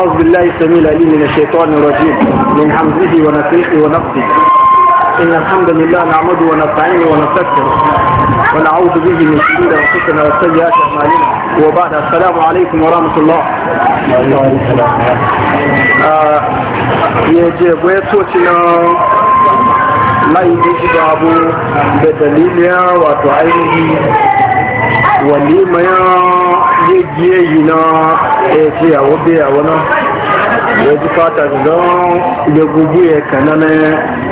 أعوذ بالله السميع العليم من الشيطان الرجيم من حمزه ونفيقه ونفسه إن الحمد لله نعمده ونستعينه ونستغفره ونعوذ به من شرور أنفسنا وسيئات أعمالنا وبعد السلام عليكم ورحمة الله آه، وعليكم السلام لا يجب أبو بدليل وتعينه يا yé díẹ̀ yìí náà ẹ̀ ṣe àwọn bí àwọn náà ìwé ti pàtàkì gan ìgbẹ́ gbogbo ẹ̀kẹ́ náà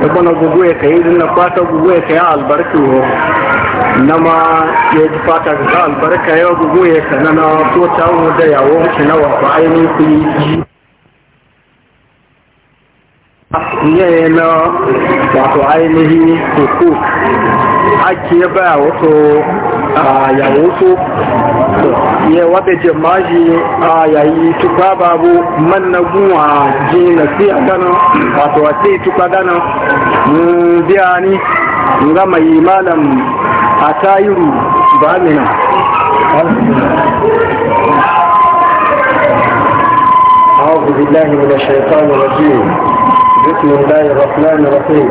ẹ̀kọ́nà gbogbo ẹ̀kẹ́ yìí nínú pátá gbogbo ẹ̀kẹ́ àlùbáríkì wọ̀ nama ìwé ti pàtàkì gan àlùbáríkì yọ gbogbo ẹ̀kẹ́ náà tó táwọn dẹ̀ yàwó ń ṣe náà wà fún ayé ní ìpè yìí. ìyẹn na wàtò ainihin kòkó a kìí báyà wọ́tò àyàwó tó yẹ wábẹ̀jẹ̀ máa ṣe àyàyí tupa bàbú mannagun àjìnà sí àdáná àtọ̀ àti tupa dáná bí a ní nga mai malam a tayiru ba mina أعوذ بالله من الشيطان الرجيم بسم الله الرحمن الرحيم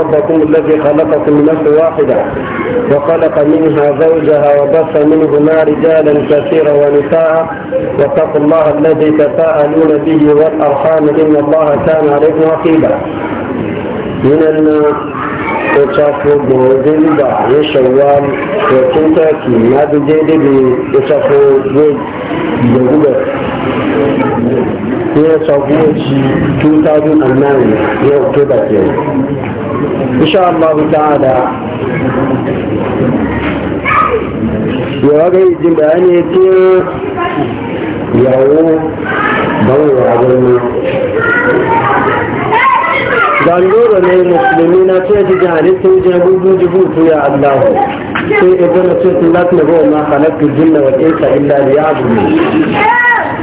ربكم الذي خلقكم من نفس واحدة وخلق منها زوجها وبث منهما رجالا كثيرا ونساء واتقوا الله الذي تساءلون به والأرحام إن الله كان عليكم رقيبا من ìtàkùn gbòòdì nígbà ní ṣọ̀wá ẹ̀kúntẹ́ẹ̀kì ládùjẹ́ débi ìtàkùn gbòòdì ní ẹ̀sọ̀gbọ́n ti 2009 ní ọ̀tọ́bà jẹ́ insha Allah ta'ala ya ga jin bayani ce yawo bawo a gurin dandoro ne musulmi na ce ji jihari sun je gudu jibutu ya Allah sai ibi na ce Sultan Allah ne ba ma khalaqtu jinna wal insa illa ne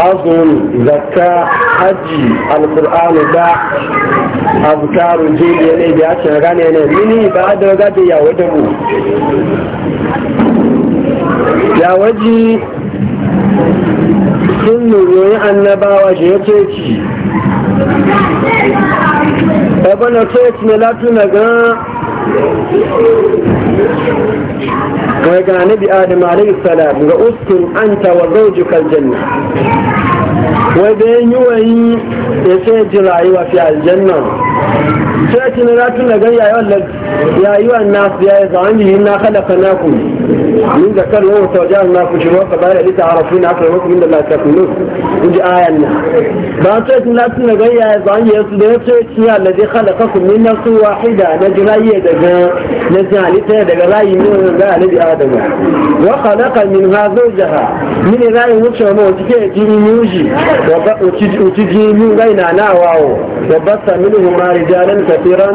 azumi zakka hajji alkur'anu da azkaru jeli ne da ake gane ne mini ba da gabe ya wada mu ya waji sun nuru nuroyi annabawa shi ya ce ci ebe na ce ci ne latu na gan kai ga nabi adam alayhi salam ga uskun anta wa zawjuka aljanna wai da yin ya ce ji rayuwa fi aljanna sai ya ci na ratun da gayyayen يا أيها الناس يا زعمه إنا خلقناكم من ذكر وهو وجعلناكم شروع قبائل لتعرفون أكرمكم من الله تكونون ودي آية الناس باتت لا تنغي يا زعمه يا الذي خلقكم من نفس واحدة نجري دجا نجعل تدغ رأي من الذي آدم وخلق منها زوجها من رأي وشمه وتكي جيني يوجي وتجيني غينا ناواو وبث منهما رجالا كثيرا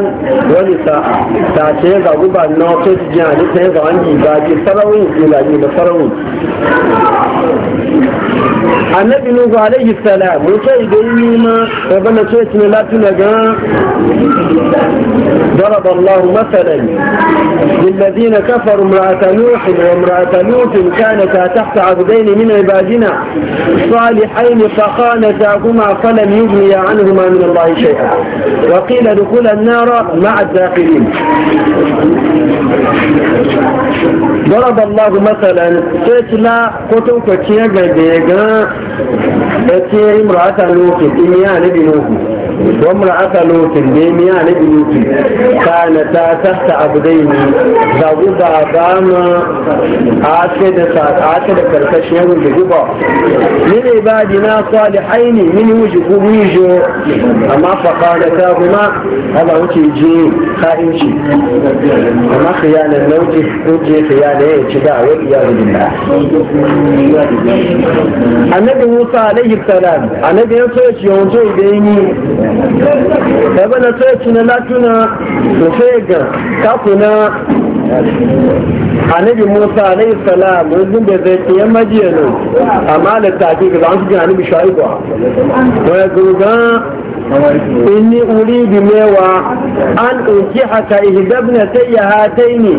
ونساء ta ce ya zagu na wata jiya ne ta yi ga jiga ji sarawun jiga ji da sarawun annabi nuhu alaihi salam wuce idan yi ma rabu na ce ضرب الله مثلا للذين كفروا امرأة نوح وامرأة نوح كانتا تحت عبدين من عبادنا صالحين فخانتاهما فلم يغنيا عنهما من الله شيئا وقيل دخول النار مع الداخلين ضرب الله مثلا تتلا كتوكتيا غيغا ya ce imra'ata lokin in ya nabi lokin wa imra'ata lokin ne mi ya nabi lokin kana ta tahta abdaini da guda ba ma ace da sa ace da karkashin yawon da guba min ibadina salihain min wuji kubujo amma fa kana ta kuma Allah wuce je ka'inci amma khiyanan nauki ko je khiyanan ya ci da wa iyyazu billah annabi musa alaihi salam annabi ya so ci yawon to da ni ebe na so ci na latuna to sai ga kakuna annabi musa alayhi salam yanzu da zai ke yan majiya ne amma da tafi ga an cikin annabi shaiba to ya gurga inni bi mewa an unki haka ihdabna tayya hataini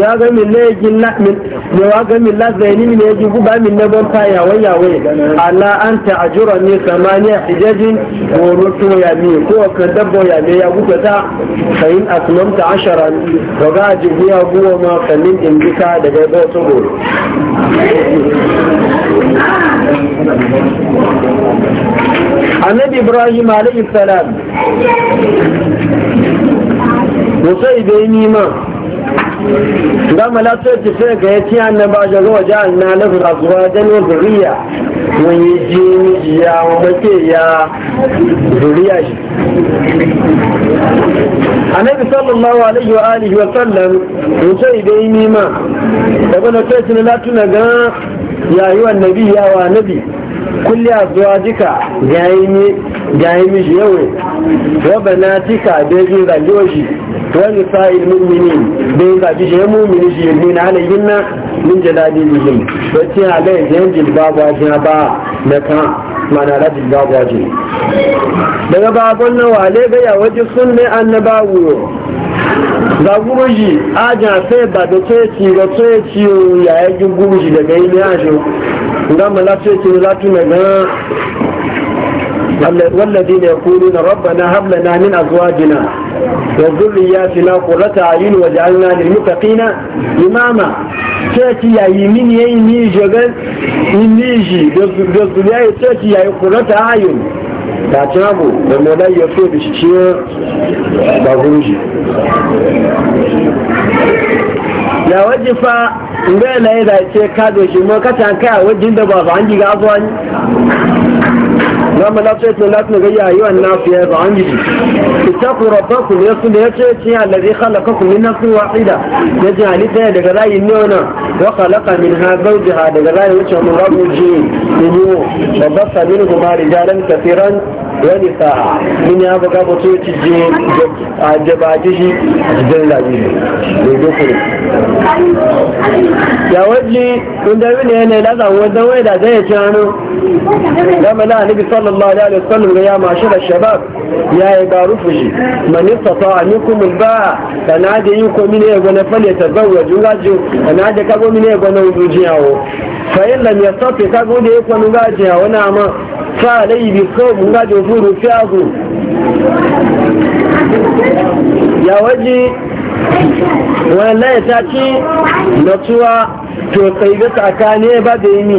ya ga min lajin la min ya ga min la zaini min yaji guba min na ban faya waya waya ala anta ajura ni samaniya hijajin wa rutu ya mi ko ka dabbo ya mi ya guta ta fa in aslamta asharan wa ga ya abuwa ma kamin in bisa da gaba wasu goro annabi ibrahim alayhi salam musai bai nima gama lafiyar tafiya ga ya ci annaba ga wajen na lafi rasuwa don yin zuriya wọ́n yé jí ìyá ọmọ tí ìyá lórí àṣì. Ànábì sallallahu alaihi wa alihi wa sallam ń tó yi ní mà. Ẹgbọ́n tó ìsinmi látúnà gan yayi wa nabi ya wa nabi kulli azwajika gayimi gayimi yawe wa da mu'minin da shi mu'mini shi na min jalali bihim wacce halai jan jilbabu ajin ba na kan mana na jilbabu ajin daga babon na wale gaya waje sun ne annabawo zaguruji ajin sai ba da tsoyaci ga tsoyaci yayin guruji daga yi ne ajo ga mala tsoyaci ne latu na gan والذين يقولون ربنا هب لنا من أزواجنا وذرياتنا قرة أعين واجعلنا للمتقين إماما تأتي يا يمين يمين جبل يميجي بذرياتي تأتي يا قرة أعين ta ci abu da mola ya so da shi ba guruji ya wajifa nga na yi da ce ka da shi ma kasan kai a wajen da ba an ji gazo an zama lafiya tun lafiya ga yayi wannan fiye ba an ji itaku rabbakum ya sun ya ce ce allazi khalaqakum min nafsin wahida ya ji halitta daga rayin ne wannan wa khalaqa minha zawjaha daga rayin wuce mun rabu ji ne yi rabbasa minhu ma rijalan kafiran wani sa'a min ya buga mutu ci je a jabaji shi jin rayu ne ne dokuri yawaji inda wani yana da zawon wai da zai ci hannu da mana alibi sallallahu alaihi wasallam ga ya mashi da shabab ya yi garu fushi manista ta amikum ba da na da yi komi ne gwana fale ta zauwa jungaji da na da kago mi ne gwana wujujiyawo fayin lam ya safi kago da ya kwanu yawo na ma fa alayhi bi sawm gajo furu fiago yawaji wannan ya ce natuwa to sai ga tsakani ba da yi mi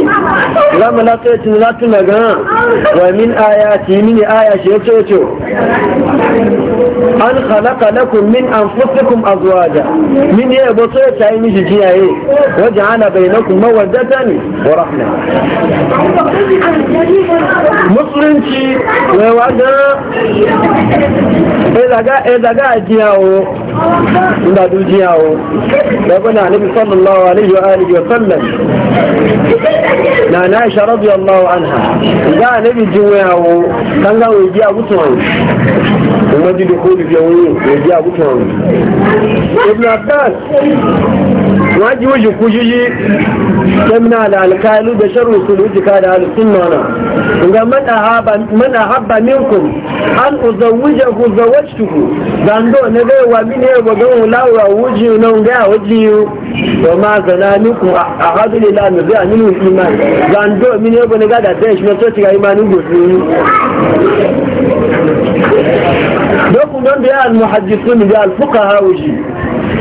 ramu na tsaye tun za tuna gan wa min aya ti mini aya shi ya ce an khalaqa kun min an anfusikum da. min yi bo so ta yi miji jiyaye wa ja'ala bainakum mawaddatan wa rahma musulunci wai waga e daga e jiyawo inda dujiya o nabi sallallahu alaihi wa alihi wa sallam na na isha radiyallahu anha ga nabi jinya o kan ga wai biya gutun kuma ji da kodi biya wai biya gutun ibn abbas waji waji kujiji tamna da alkalu da sharru sulujika da alusunna na ga man ahabba minkum an uzo uzawwijahu zawajtuhu zando na ga wa mine wa ga lawa nan gaya ga wuji wa ma zana minkum ahadu lillahi min zai aminu iman zando mine wa ga da dai shi na so tiga imanin gobe dokun don da ya al-muhaddisun da al-fuqaha wuji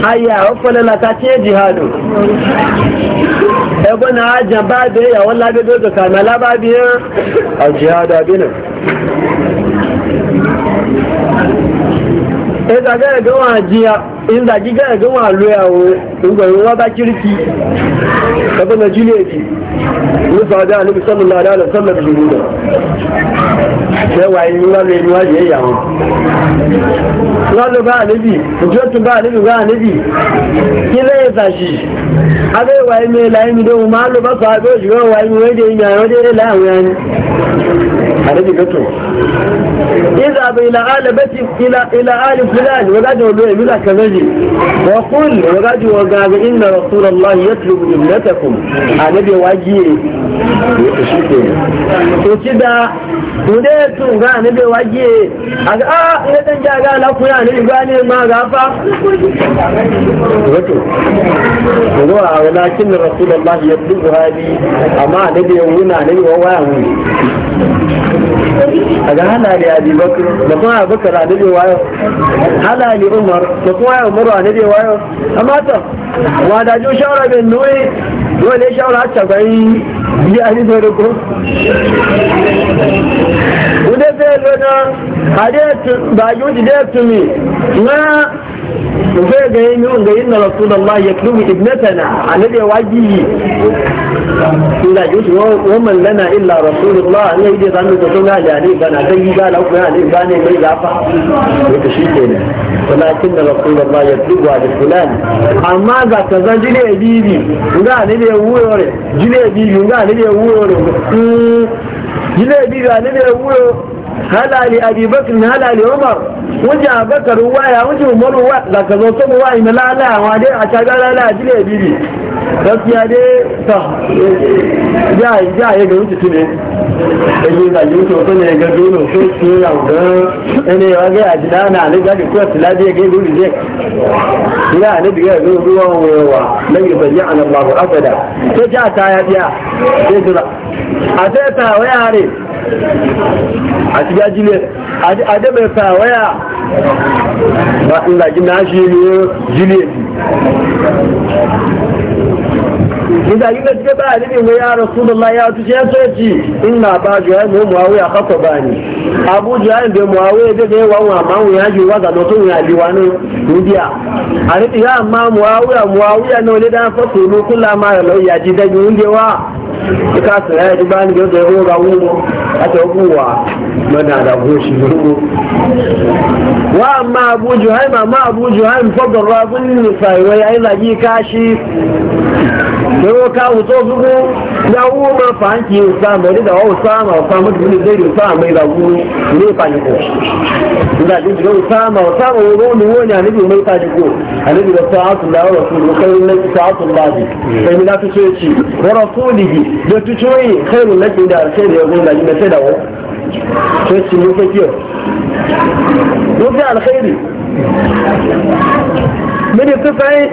aya ọpọlọ laka tí è jihadu ẹgbọ́n na ajá bá bẹ ìyàwó lábẹ́ lóòtò kàmà lábá bí i ọjihadu abinu ẹgbàgbẹ́ ẹgbẹ́ wọn àjíyà in da giga ya gama loyawo in ga ruwa ba kirki kaban na juliyeti da annabi sallallahu alaihi wasallam shi da sai wayi ruwa ne ruwa je ya mu ba annabi mutum ba annabi ba annabi kila ya tashi abai wayi me lai mi do ma lo ba sa go jiwa wayi mi wede ina wede lai wani annabi gato idza bi ila alabati ila ila ali fulan wa gadu do ibla kazaji wa qul wa gadu wa gaga inna rasulullahi yatlubu ibnatakum annabi wajiye to kida dole tun ga annabi wajiye a ne dan jaga la ku ya annabi gane ma ga fa gato ko amma waya a ga halali abi bakar da kuma a bakar a dade wayo halali umar da kuma umaru a dade wayo amma ta wa da shawara bin nuwe dole shawara a bai bi a hidin da ko ude fe lona hade ba da ya tumi na mu zai ga yin yiwon ga yin na rasulallah ya turu ibnatana a nade waji ina ji su woman lana illa rasulullah ne ide zan da sun hali ali bana dan yi gala ku ali bane mai lafa to ta shike ne walakin da rasulullah ya turu da fulan amma ga ka zan jile bibi ga ne da wuyore jile bibi ga ne da wuyore hmm. jile bibi ga ne da wuyore hala li abi bakr hala li umar wuce abakar ya wuce umar wa da ka zo sabu wa ina lala wa dai a ta gara lala jile bibi gaskiya dai ta ya ya ya ga wuce tune da yi da yi to ne ga dole ko shi ya ga ne ya ga ajina na ne ga ko tilabi ga dole je ila ne biya ga ruwa wa lan yubayya Allah abada to ja ta ya biya sai dura a sai ta waya ne àti jájí lẹ̀ adẹ́bẹ̀fà àwẹ́yà ìlàjì náà ṣe ní jílẹ̀ Nígbà yíò ti gẹ́bà àdébì ya tu ṣe sọ́ọ̀tì iná bá Jùháì mú Mùháwé àkọ́kọ̀ bá ní. Àbú Jùháì bẹ Mùháwé dédé wà wọn àmá wọn yá jù wá gàdọ̀ tó wọn àdíwá ní India. Àdébì yá àmá ka su ya yi bani da yadda ya a ta hukuwa mana da goshi wa amma abu juhaim amma abu juhaim fadar rabin nisai wai ai zagi kashi da yau ka wuto da zai mai zagu ne ko da wani mai ko da da kai da sai wa da tucoyi khairun laki da sai da ya zo da sai da wani sai su yi fakiyar wani alkhairi mini tufai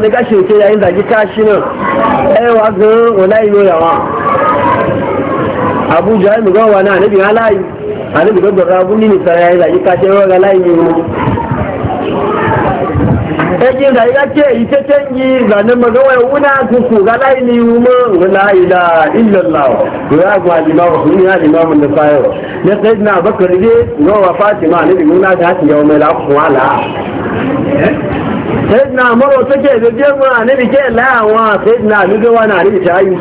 ne gashi ke yayin zagi kashi nan ga wallahi abu jahil ga wani anabi halayi anabi ga gurra bunni ne sai yayin zagi kashi ga layi ne ẹgbẹ́ ìdá ìdá tí èyí tẹ́tẹ́ ń yí ìlànà mọ̀gánwà ìwúná kùkù láláì ní ìwúmọ́ ńlá ìlà ìlọ̀lá ìrágùn àdìmáwò ní àdìmáwò ní fáyọ̀ ní sẹ́yìn náà bọ́kàn rí náà wà fásimá níbi ìwúná láti yọ ọmọ ìlà fún àlá sẹ́yìn náà mọ́rọ̀ tó jẹ́ ìdójú ẹ̀mọ́ níbi jẹ́ ìlà àwọn sẹ́yìn náà lójú wà náà níbi sáyù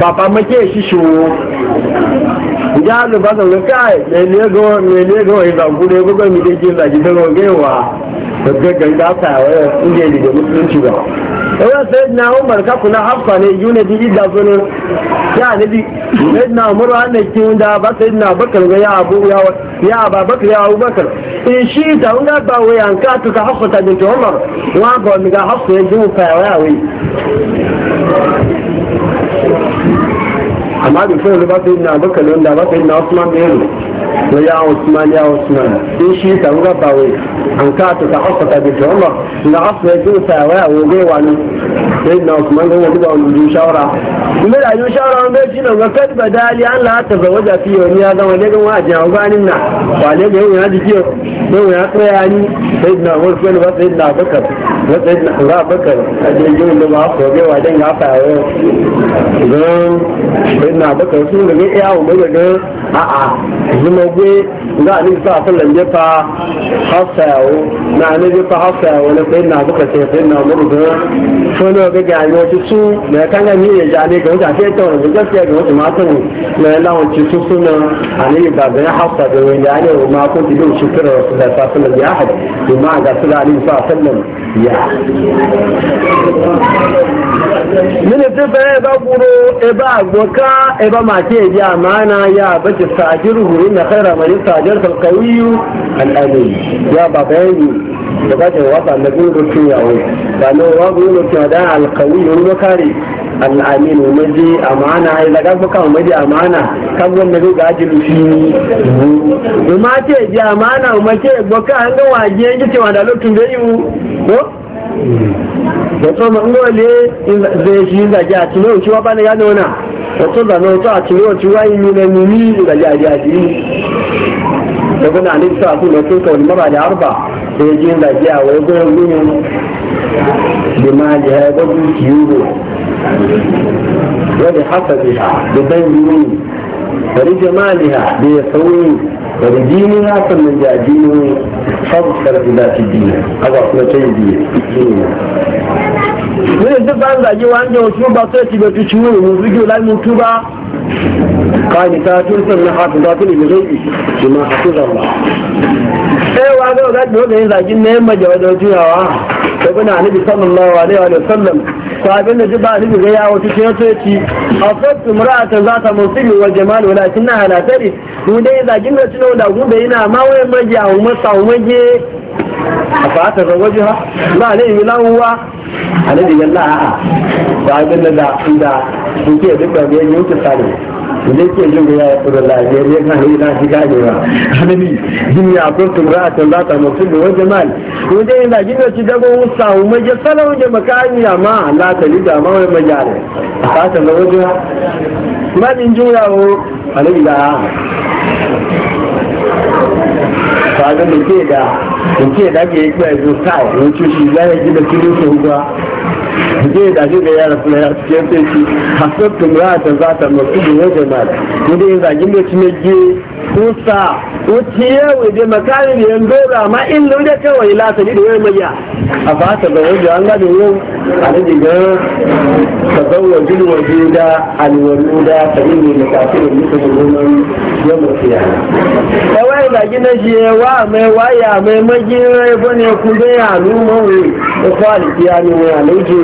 bàbá mọ́jẹ́ ìṣíṣòwò jalu ba zan kai me ne go me ne go in da gure go ga mi da ke da gidan rogewa daga ganga ta waya inda ne da musulunci ba waya sai umar ka kula haffa ne yuna ji da zunin ya ne bi sai na umar ki da ba sai bakar ga ya abu ya ya ba bakar ya abu bakar in shi ta unga ba waya an ka to ka ta bin umar wa ga mi ga haffa ya ji mu fa waya wai amma bai fara ba sai na baka ne da ba sai na Usman bai yi wa ya Usman ya Usman sai shi ta ruga ba wai an ka ta ta asaka bi jawla na asma ya jin sa waya wo ga wani sai na Usman ga wani ba wani shawara kuma da yi shawara wani bai jina ga kad badali an la ta zawaja fi wani ya zama dai ga wani a ganin na wale ga yana jiki sai ya tsaya ni sai na Usman ba sai na baka ba sai na ba baka a jirgin da ba ko gai wa dan ga fa na abakar sun da ne iya umar da nan a a zumagwe za a nisa a sallan jefa hafsa yawo na ne jefa hafsa yawo na sai na abakar sai sai na umar da fana ga gani wata su da ya kanga ni ya ja ne ga wata sai ta wani gaskiya ga wata matan na ya lawanci su suna a ne ba zai hafsa da wani ya ne wa ko da yau shekara wasu da sa sallan ya haɗa domin a ga su da nisa a sallan ya miniti fa ebe kwuru ebe agboka ebe maki eji amana ya bace sajir huru na kaira mani sajir talkawiyu al'adai ya ba bayani da ba kace wata na gudu rufin yawo ba na wa gudu rufin da alkawiyu ruwa kare al'amin umarji amana ya daga buka umarji amana kan wanda zai ga ajin shi ne umarci eji amana umarci agboka an ga waje yanki cewa da lokacin da yi ko ọ̀tọ́ ma ń wọ́n lé ìrẹsì ìgbàjá àti náà tí wọ́n bá níyà náà náà ọ̀tọ́ ìgbàna ọ̀tọ́ àti náà tí wáyé ní ẹni ní ìgbàjá àti àti ẹgbẹ́ náà ní sọ àti ìlọ́tún kan ní mọ́bàdà àrùbà ìrẹsì ìgbàjá àwọn ẹgbẹ́ olóyún lè máa jẹ ẹgbẹ́ bí kìí rò wọ́n lè hásàbí lè bẹ́ẹ̀ ولجمالها ليسوي ولدينها فمن جاء دينه فاغفر بذات الدين هذا هو شيء دين من duk an zage wa wasu ba sai ci batu ciwo mu zuge la mu tuba ka ni ta tun san na hatu da tun bi zai shi ma hafiza Allah eh wa ga ga dole zagin ne majawa da tuyawa da guna annabi sallallahu alaihi wa sallam sabin da jiba annabi ga yawo ta ce a fatu mura'atan za ta musili wa jamal walakinna ala tari mu dai da ginga tuno da gube ina ma wayan maji a umma sa a fata ga wajiha ba ne milawa annabi yalla a sabin da da inda duk da ne yake sare idan ke jin ya yi tsoro lafiya ne na yi na shiga ne ba hannabi jini a kuntum ra'atun za ta mutum da wajen mal ko dai yana gina ci dago wusa hu maje salau da makani ma la ta lida ma wai majare ka ta da wajen ma din jura ho hannabi da kaga da ke da da ke da ke yi kwa yanzu kai wuce shi zai gina kilo sau ba je da shi da yara rasu na yasu ke sai shi hasabtum ra'ata za ta masu da wajen mata kuma yin zagin da ci mege kusa wuciye waje makani da yan dora ma in lauda kawai lasa ne da yawai mai ya a fata da wajen an gado yau a da diga ka zauwa gilwa da alwalu da ta yi ne da kafin da muka da roman yau mai fiya. Kawai zagin na shi wa mai waya mai magirai bane kuma ya numa wai da kwalifiya ne wani alaiji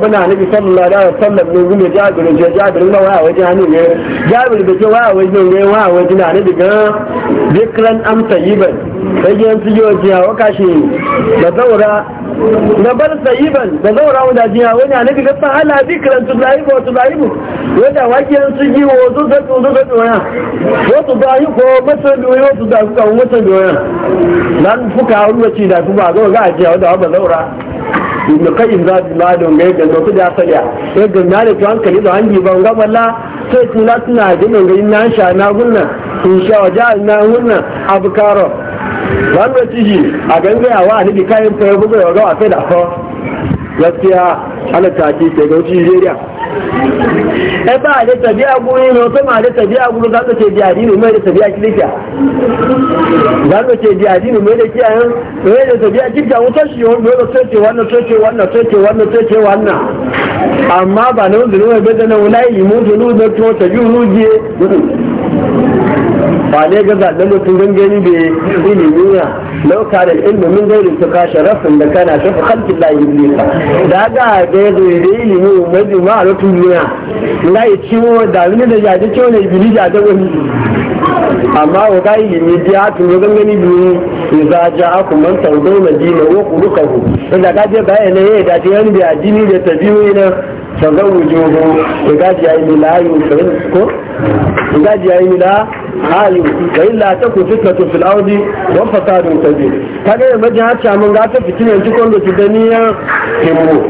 babana bi sallallahu alaihi wasallam ne gume jabir je jabir ma waya waje hanu ne jabir da ke waya waje ne waya waje na nabi ga bikran am tayyiban sai yan tiyo jiya waka shi da zaura na bar tayyiban da zaura wanda jiya wani nabi ga fahala bikran tudaibu tudaibu wanda wakiyan su ji wo zu da zu da wo su da yi ko masa doya da ka nan fuka wani da kuma ga jiya wanda ba zaura ibn qayyim za su ma don ga yadda su da sanya yadda na da tuwan kali da hanji ban ga balla sai tun suna tuna da nan na inna sha na gunna in sha waja na gunna abkaro ban da ciki a ganga ya wa ni kayan fa bugu ya ga wa sai da fa gaskiya ala ta ci ke ga ci jeriya e ba da tabi'a guri no to ma da tabi'a guri za ka ce ji addini mai da tabi'a kilika za ka ce ji addini mai da kiyayen mai da tabi'a kilika wutar shi yau mai da soce wannan soce wannan soce wannan soce wannan amma ba na wanda ne mai bada na wulayi limu tunu da to tabi'u rujiye ba ne ga zaɓen mutum gangani da ilimi ya lauka da ilimin min gairi su kashe rafin da kana shafi halkin layin nisa da ga ga ya zai da ilimin mai ma a rafin duniya na yi ciwo da wani da jaje ciwo ne ibili jaje wani amma wa ga ilimi biya tun zan gani biyu idza ja'akum man tawdawna dina wa qulukahu idza ga je bayana yayi da je yan biya dini da ta tabiwi na fagawujuhu igaji ya yi layu ko igaji ya yi la hayu da illa ta ku fitnatu fil ardi wa fasadun ka ga yamma ji hacca mun ga ta fitinan cikon da tudaniya kemo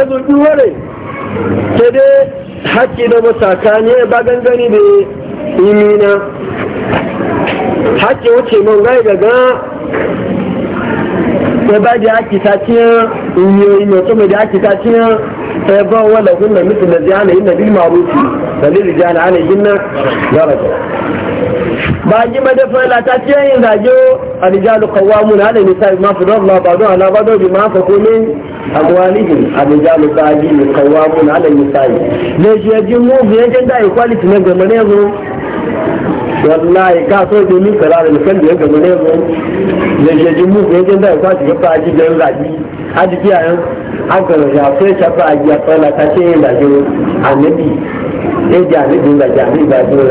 ezo duware kede haƙƙi da ba tsakani ba gangani da imina haƙƙi wuce man gai gaga ya ba da haƙƙi ta ciya imiyoyi mai tsoma da haƙƙi ta ciya ya ba wa lagun da mutum da ziyana yin da bil da lil ana yin na daraja ba ji ma da fa'ila ta ce yin zaje arijalu qawwamuna ala nisa ma fi dalla ba don ala ba don ma fa kullu agwalihim arijalu qadimu qawwamuna ala nisa ne je ji mu biye kan da equality ne ga mene zo wallahi ka so da ni kala da kan da ga mene zo ne je ji mu biye kan da equality ga fa ji da zaji a jiki a yan an ga ya sai ta fa ji ya fa'ila ta ce yin zaje annabi eji anibi ngaji anibi adiwe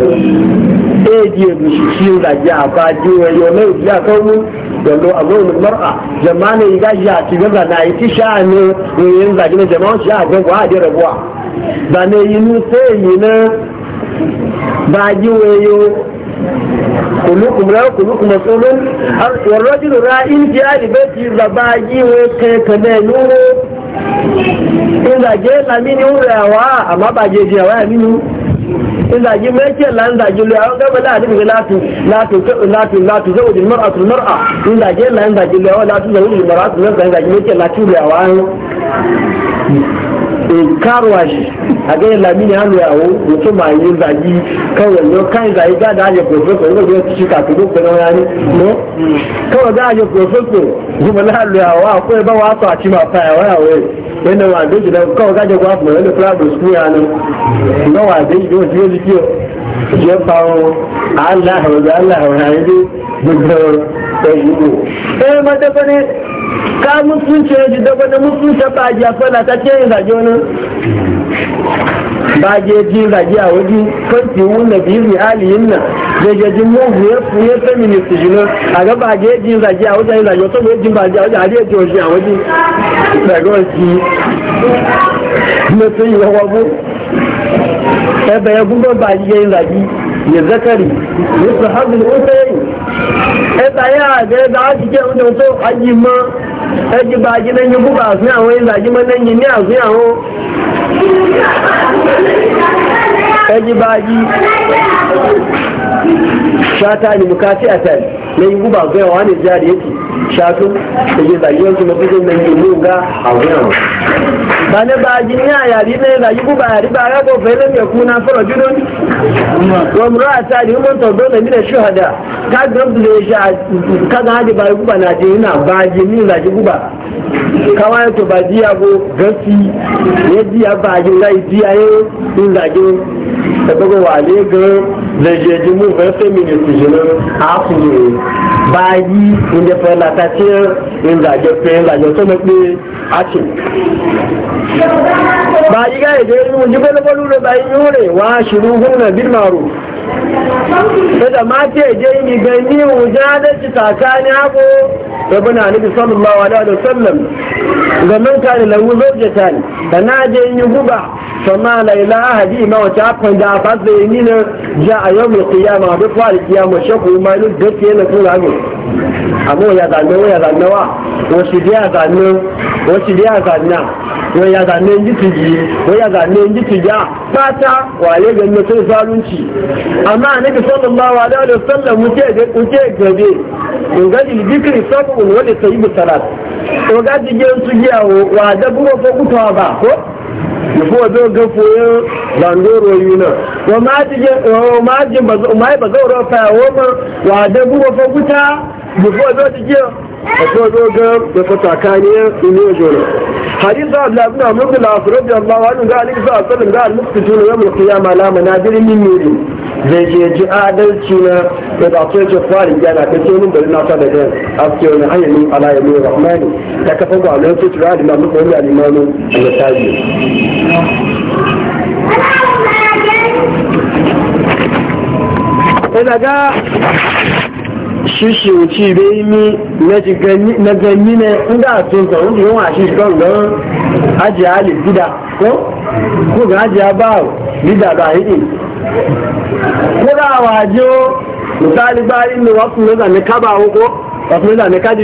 eji ebushi ngaji akwa adiwe yome ebi akawu yalo agwon mar'a jama'a ne ga ya gaza na yi ti sha ne yin ngaji ne jama'a shi a gwa a dira gwa ba ne yi nu sai yi na ba adiwe yo kulukum ra kulukum masulun ar warajul ra'in fi ali baiti zabaji wa ìzàjẹ́ ìlàmí ni ó rẹ̀ wá àmábàjẹ́ ìjẹ́ àwọn ẹ̀mí ni ìzàjẹ́ mẹ́kẹ̀lá ìzàjẹ́ lórí àwọn gẹ́gbẹ̀lá àdébìnrin láti láti láti zẹ́wò di mọ́ra mara, mọ́ra ìzàjẹ́ ìlà ìzàjẹ́ lórí àwọn láti zẹ́wò di mọ́ra àti mọ́ra ìzàjẹ́ mẹ́kẹ̀lá tí ó rẹ̀ wá ń ìkárùwàjì àgẹ́ ìlàmí ni a lò àwọn òtún máa yi ìgbà yìí kọ̀wé lọ káyìnbá yìí dáadáa àyè pòfẹ́sọ̀ ló gbé títí kàtó ló pẹ̀lú ọ̀rá ní mọ́ kọ̀wé dáa àyè pòfẹ́sọ̀ jùmọ̀ náà lò àwọn àpò ẹ̀bá wa sọ àti máa pa àwọn àwẹ̀ nínú àdéjì náà kọ̀wé dájọ́ wa pọ̀ lẹ́nu fúlàbù sùkúl yanu lọ́wọ́ àdéjì tó ti yé ti kí o jẹ́ pa wọn aláhùn aláhùn àyè gbogbo ẹ̀yìn ẹ̀ máa dẹ́pẹ́ ní ká mú tún ṣe é ti dọ́gbọ́n ní mú tún ṣe pàjẹ́ àpẹ́lá tá ba je ji zagi a waje fanti na biyu bi aliyin nan da mu ya fuye feminist jino a ga ba je ji zagi a waje zagi wata ba ji ba ji a waje a ji waje a waje da ga wasu na sai yi hawa bu ebe ya gudu ba ji ya yi zagi ya zakari ya su hazin ofe ebe ya ga ya da ake ke wanda wato hajji ma 哎，你把着那就不高兴，我呢，你把着那你就没高兴。ba bá yí ṣáta ni mukasi àtàlì lẹ́yìn yi ọ̀gbẹ́ wà ní ìjà rẹ̀ èkì ṣáàtú èyí ìbàyí ọ̀gbẹ́ mọ̀fíjẹ́ ní ìlú ńgá àwọn ọ̀rọ̀. bàlẹ́ bá yí ni àyàrí ní ìbàyí gúbà àrí bá arábọ̀ fẹ́ lẹ́mìí ẹ̀kú náà fọ̀rọ̀ jù lónìí. rọmùrọ̀ àtàlì ó mọ̀tọ̀ tó lẹ́mí lẹ́ ṣọ́hàdà Kawai ya to ba jiya ko gasi ne jiya ba ji ga jiya ye in da ge ta go wa le ga le je ji mu ga se mi su je na a su ni ba yi in da fa la ta ti in da ge pe la to me pe a ti ba yi ga je mu ji ko le ko ba yi yore wa shiru hunna bil ma'ruf da mace je yi gani wujadarci tsakanin abu da buna nufi sallallahu alaihi wa sallam ga man kare ta ni da na je yi guba sama ilaha ahadi ma wata afan da fa zai ni ne ja a yau mai kiyama da fa da kiyama shaku ma ni da ke na tura ne amma ya ne ya ne wa wasu dia ne wasu dia ne wai ya zane ji tiji wai ya zane ji tija fata wale ga ne sai zalunci amma annabi sallallahu alaihi wasallam muke ga muke gabe in ga dikri sabun wala sayyibu salat to ga dige su giyawo wa da buwa ko kutawa ba ko yafo zo ga foye bandoro yuna wa ma dige wa ma ba ma ba zo ro fa wa ma wa da buwa ko kutawa before zo ti jiya before zo ga da fata kaniyar duniyar jona hadis da Allah ibn Amr bin Al-As radiyallahu anhu ga alaihi sallam ga al-muqtituna yawm al-qiyamah la manabirin min nuri zai je ji adalci na da da ce ce fari yana ta ce mun bari na sa da kan aske wani hanyar min ala ya mai rahmani ta kafa ga Allah ce tura da namu ko yi ina ga ṣíṣe òtí ìwé ní lẹ́gbẹ̀ẹ́ nílẹ̀ ńgbà tó gbà ó yíwọ́n àṣíṣe gan ajẹ́ àlè dídà kó gbogbo ajẹ́ abáwò dídà bá yìí kódà àwọn àjẹ́ ó misali báyìí ni ní kábà oko ní kábà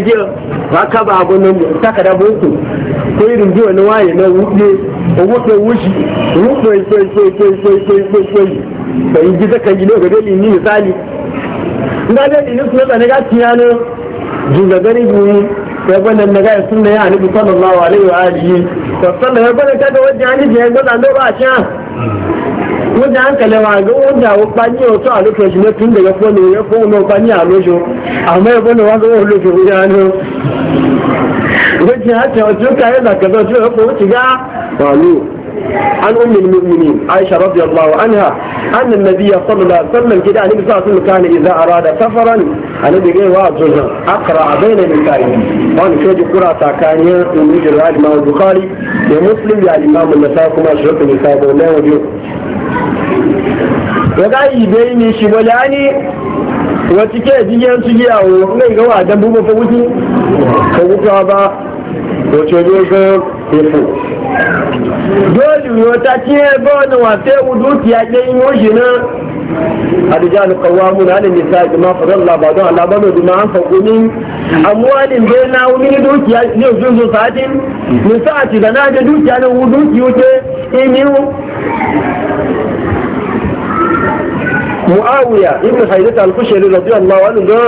nga da dinin su da ga tiyano juga gari duri ya gwanan daga sunna ya annabi sallallahu alaihi wa alihi to sallallahu ya gwanan kada wajen ani je ga dan ba a can wanda hankali wa ga wanda bani o to a lokacin shi ne tun daga ko ne ya ko no bani a lojo amma ya gwanan wa ga o lojo guda no wajen hatta wajen ya da kaza to ko ci ga walu an ummi mu'minin aisha radiyallahu anha anna an-nabiy sallallahu alaihi wasallam kida an bisa sun kana idza arada safaran an a wa zuza a bayna nisa'i wani ko ji kura tsakanin ummi jirali ma bukhari da muslim ya imam an-nasai kuma shirku nisa'i ko ne wajo daga yi bai ne shi balani wata ke jiyan su yawo ngai ga wa dan bubu fa wuce ko kuka ba ko ce ga ko dole yi wata cinye ba wani wata yi na arjihar kawo mu na nan nisa ji mafi don labarin labarin da ma'an fakunin amma ni be na wuni duki ya ne zuwa zuwa sati nisa da na ga duki ya ne muawiya ibn haidata al-kushayri radiyallahu anhu ga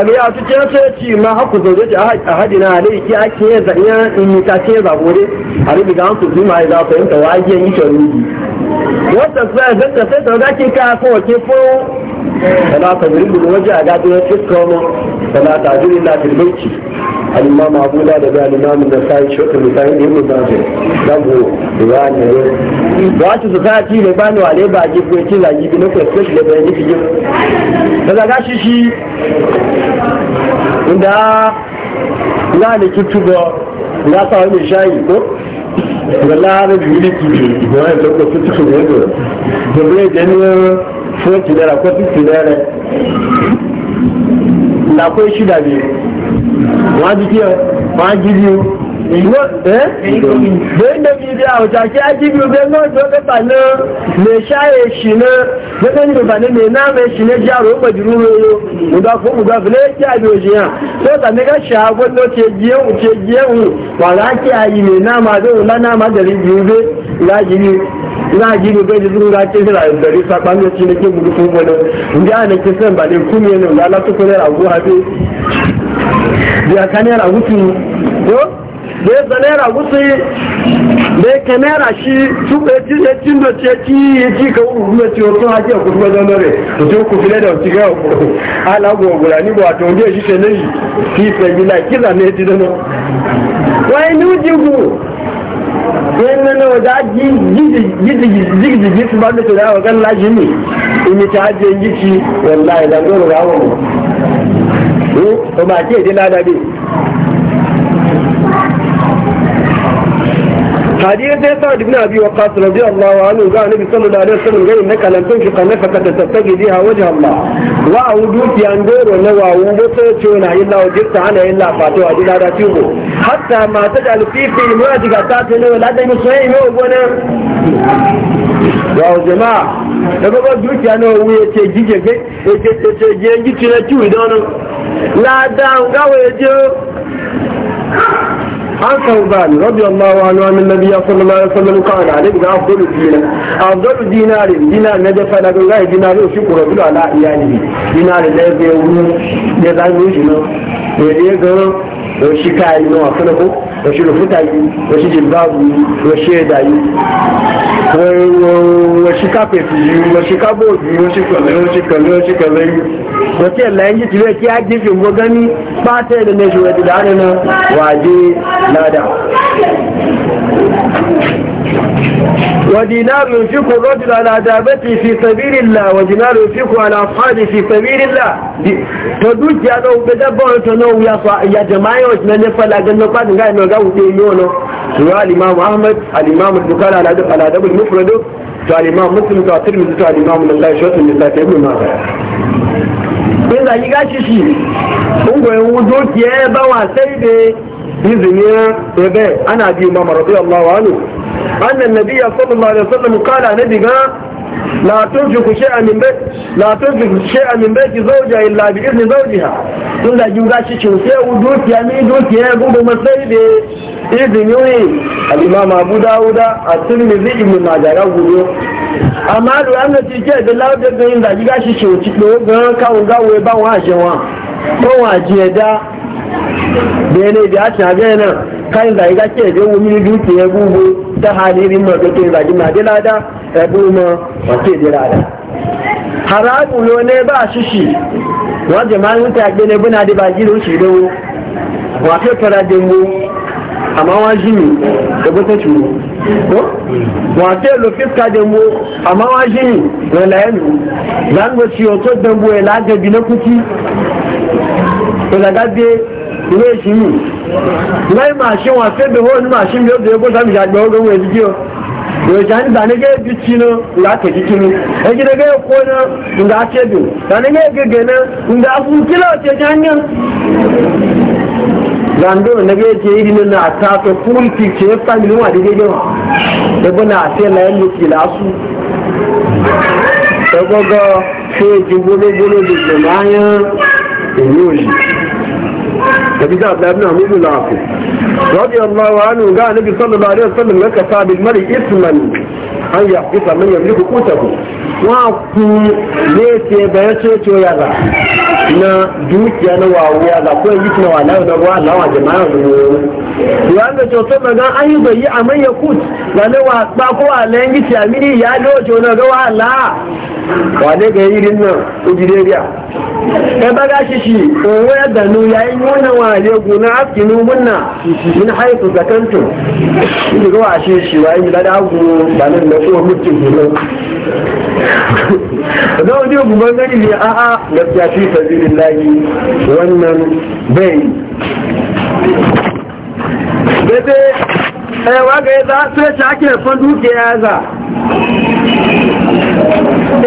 abi a cikin sai ci ma haku zauje ki a hadina alai ki ake zanya in ta ce zabore a rubi ga an su zuma ya za fahimta wa ake yi ta rubi wọ́n tẹ̀sẹ̀ ẹ̀sẹ̀ tẹ̀sẹ̀ ọ̀gá kíkà fún òkè fún ẹ̀nà àtàgbèrè gbogbo wọ́n jẹ́ àgádé ẹ̀sẹ̀ kan mọ́ ẹ̀nà àtàgbèrè láti lóòkì alimama abúlá dàbí alimami nàta ìṣòkè nìta Ba ìlú su dàbò ìwà àyẹ̀wò. wọ́n ti sọ̀tà àti ilẹ̀ bá ní wàlẹ́ bá jẹ́ fún etí ìlàjì ibi lókè tó ti lẹ́bẹ̀ẹ́ ní fìdí. lọ́sàgá ṣíṣí ǹdà ńlá ni tútù bọ̀ ńlá sáwọn ìṣáyìí ko. wàláàrẹ̀ jùlọ kìí ìgbọ̀n ẹ̀ lọ́kọ̀ tó tún ìwé lò gbogbo ẹ̀jẹ̀ ní fún ìtìlẹ̀ rẹ̀ kọ́tù bayan da bibi a wutaki ake biyu bayan na wajen gaba na mai shaye shi na zagan gaba na mai na mai shi na jaro ba jiru royo guda ko guda fule yake a biyu jiya so da ne ga shagon da ke giyan u ke giyan u wa za ki a yi mai nama zai wula nama gari biyu zai lajini na ji ne bai ga ke jira da ri ne gudu ko ne ne ne da ya zanera wuce da ya kamera shi su ɗaci ya cin da ce ci yi ci ka wuri kuma ci wasu haƙi a kusurwa da ku file da wasu ga ala gogora ni ba ta shi ce ne fi na kira ne ti dana wai ni wuce ku yan nan na wada gijigiji su ba da su da kan lashi ne imi ta hajiyar gici wallahi zangoro ga awon ko ba ke dina da bi hadisi ya sa'ad ibn abi waqas radiyallahu anhu ga annabi sallallahu alaihi wasallam ga innaka lan tunfiq nafaka tattaqi biha wajha Allah wa audu ki an doro na wa wu go sai ce na illa wajta ana illa fatu a dila da tugo hatta ma ta da da jama'a da baba dukiya na wu ya ce gige ga ya ce ce je gici na ciwi da la da je an san zani rabi allah wa nuwa min nabiya sallallahu alaihi wasallam ka ga alim na afdalu dina afdalu dina ne dina a da fa daga ga dina ne shi ko rabi ala iyali dina ne da ya zo ya zo shi ne ya ga wọ́n kayi káà yìí wọ́n wasu Rufuta yi, wasu yìí yi, wasu jìlbáàbù yìí wasu ṣí yi, wasu wọ́n yi, wasu yìí wọ́n ṣí wasu yìí wọ́n ṣí kọ̀lẹ́ wọ́n ṣí kọ̀lẹ́ wọ́n ṣí kọ̀lẹ́ yìí wọ́n ṣí ẹ̀là ẹ̀yìn tìlẹ̀ kí á jẹ́ fi wọ́n ودينار ينفق الرجل على دابته في سبيل الله ودينار ينفق على أصحابه في سبيل الله تدوك يا نو بدبع تنو يا يا جماعة وش وشنا نفلا قلنا قد نقاعد نقاو تيميونو سواء الإمام أحمد الإمام البكال على على دب المفرد سواء الإمام مسلم سواء الترمذي سواء الإمام الله شو من الله تيمي ما إذا يقاشي شيء ungoyin wuzo ke ba wa sai dai iziniya ebe ana biyu ma marabi Allah wa hannu annan nabiya na diga la tunfiku shay'a min bayt la tunfiku shay'a min bayti zawjiha illa bi idni zawjiha tun da juga shi cin ya mi masai da izini al-imam Abu Dawud at-Tirmidhi ibn Majah gudu amma lu an ti da lawo da yin da juga shi cin ga ko da da ya ne da ya shaga yana kan zai ga ke da wumi duki ya gugu ta halirin ma kake zagi ma dilada ya ma wace dilada haramu yo ne ba shi shi wa jama'in ta ga ne buna da baji da shi dawo wa ke fara dingo amma wa jini da bata ciwo ko wa ke lo fiska dingo amma wa jini na layanu zan go ciwo to dingo ya lagabi na kuki ko ilé ìṣìyí lẹ́yìn màṣín wà fẹ́ bẹ̀rẹ̀ ní màṣín bí ó bẹ̀rẹ̀ kó sáàmì ìjàgbẹ̀ ogun ẹ̀dí kí ìròjà ní ìdánigẹ́ ibi tí ní ìyàtẹ̀jì kí ní ẹgbẹ̀rẹ̀ kó ní ìgbà àṣẹ́bì ìdánigẹ́ ní ìgbà fún kílọ̀ na ga yake yi na ta فبدا عبد ابن عمود العاصي رضي الله عنه قال النبي صلى الله عليه وسلم لك صاحب المرء اسما an yi fi saman ya ku kuta ku wa ku ne ce bayan cocio ya za na dukiya na wawo ya za ko yi na wala da wa Allah wa jama'a da mu ya ga cocio magan an yi bayi a man ya kut da ne wa ba ko wala yi ci amiri ya dojo na ga wa wa ne ga yi rin nan ujideriya kai baga shi shi owo ya danu nuna wa ne guna afkinu munna min haifu zakantu shi ga wa shi shi wa yi da hagu ba nan cewa mutum ke nan da wani yau guban gani ne a a gaskiya fi sabilin lagi wannan bai daidai ẹwà eh, gẹ̀ẹ́ za tó ẹ̀ṣà kí ẹ̀fọ́n dúkìá ẹ̀zà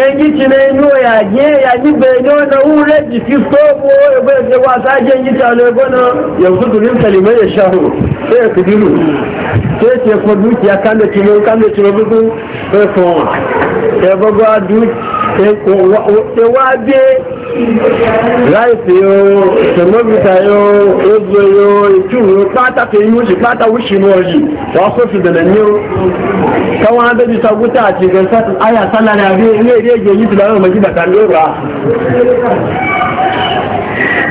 èyí ti lè ní òyà yé ẹ̀yà níbẹ̀ ní ọ̀nà wúrẹ́ jì sí stóòbù ẹgbẹ́ ìjọba àtàjẹ́ yìí ti àlọ́ ẹgbọ́n náà yẹ̀wùsù ewade láìsí o tẹmọ́bìtà yóò ozo yóò ìtúwò pátákì yóò sì pátá wíṣì mọ́ yìí wọ́n kó fi dẹ̀lẹ̀ ní o káwọn adébí sagúta àti ìgbẹ̀nsá ayà sálàrí àbí ilé ìdí èjì yi ti lọ́rọ̀ mọ́jú bàtà lóra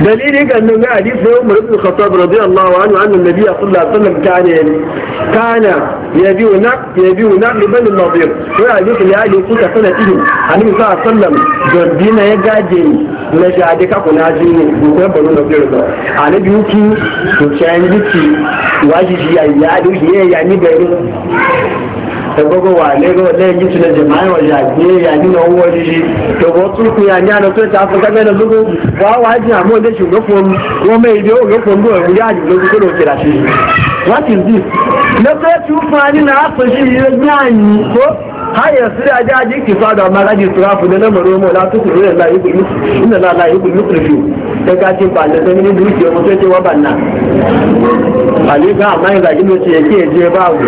Dalilin kan nan hadisi ne Umar ibn Khattab radiyallahu anhu anna Nabi sallallahu alaihi wasallam kana kana yabiu nak yabiu nak li bani nadir ko hadisi ne ali kuka sanatihi annabi sallallahu alaihi wasallam dina ya gaje na jadi ka kuna ji ne ko bani nadir da annabi yuki to sai yi ki wajibi ya ya ni bai ẹgbogbo wà lẹ́yìn tí lẹ́jẹ̀ máa ń wọ̀nyà gbé yànínà owó ṣíṣe tòbọ̀ tún fi yàní àná tó ta fún sẹ́gbẹ́ lọ́gbogbo wà wá jìn àmú ọdẹ ṣùgbọ́n fún wọn mẹ́ ibi òun ló fún bóun yá àjù lórí tó lò ó kẹ̀rà ṣíṣe. what is this? lọ́pẹ́ tún na wa nínú àpèṣe ìrẹ́ ní àyìn tó hayar su da jaji ki fada ma gaji turafu da lamarin mu la tuku ne la yi kullu inna la la yi kullu kullu da e ka ce ba da zan ni dukiya mu sai ce wa banna ali ga amma yanzu ne ce yake je babu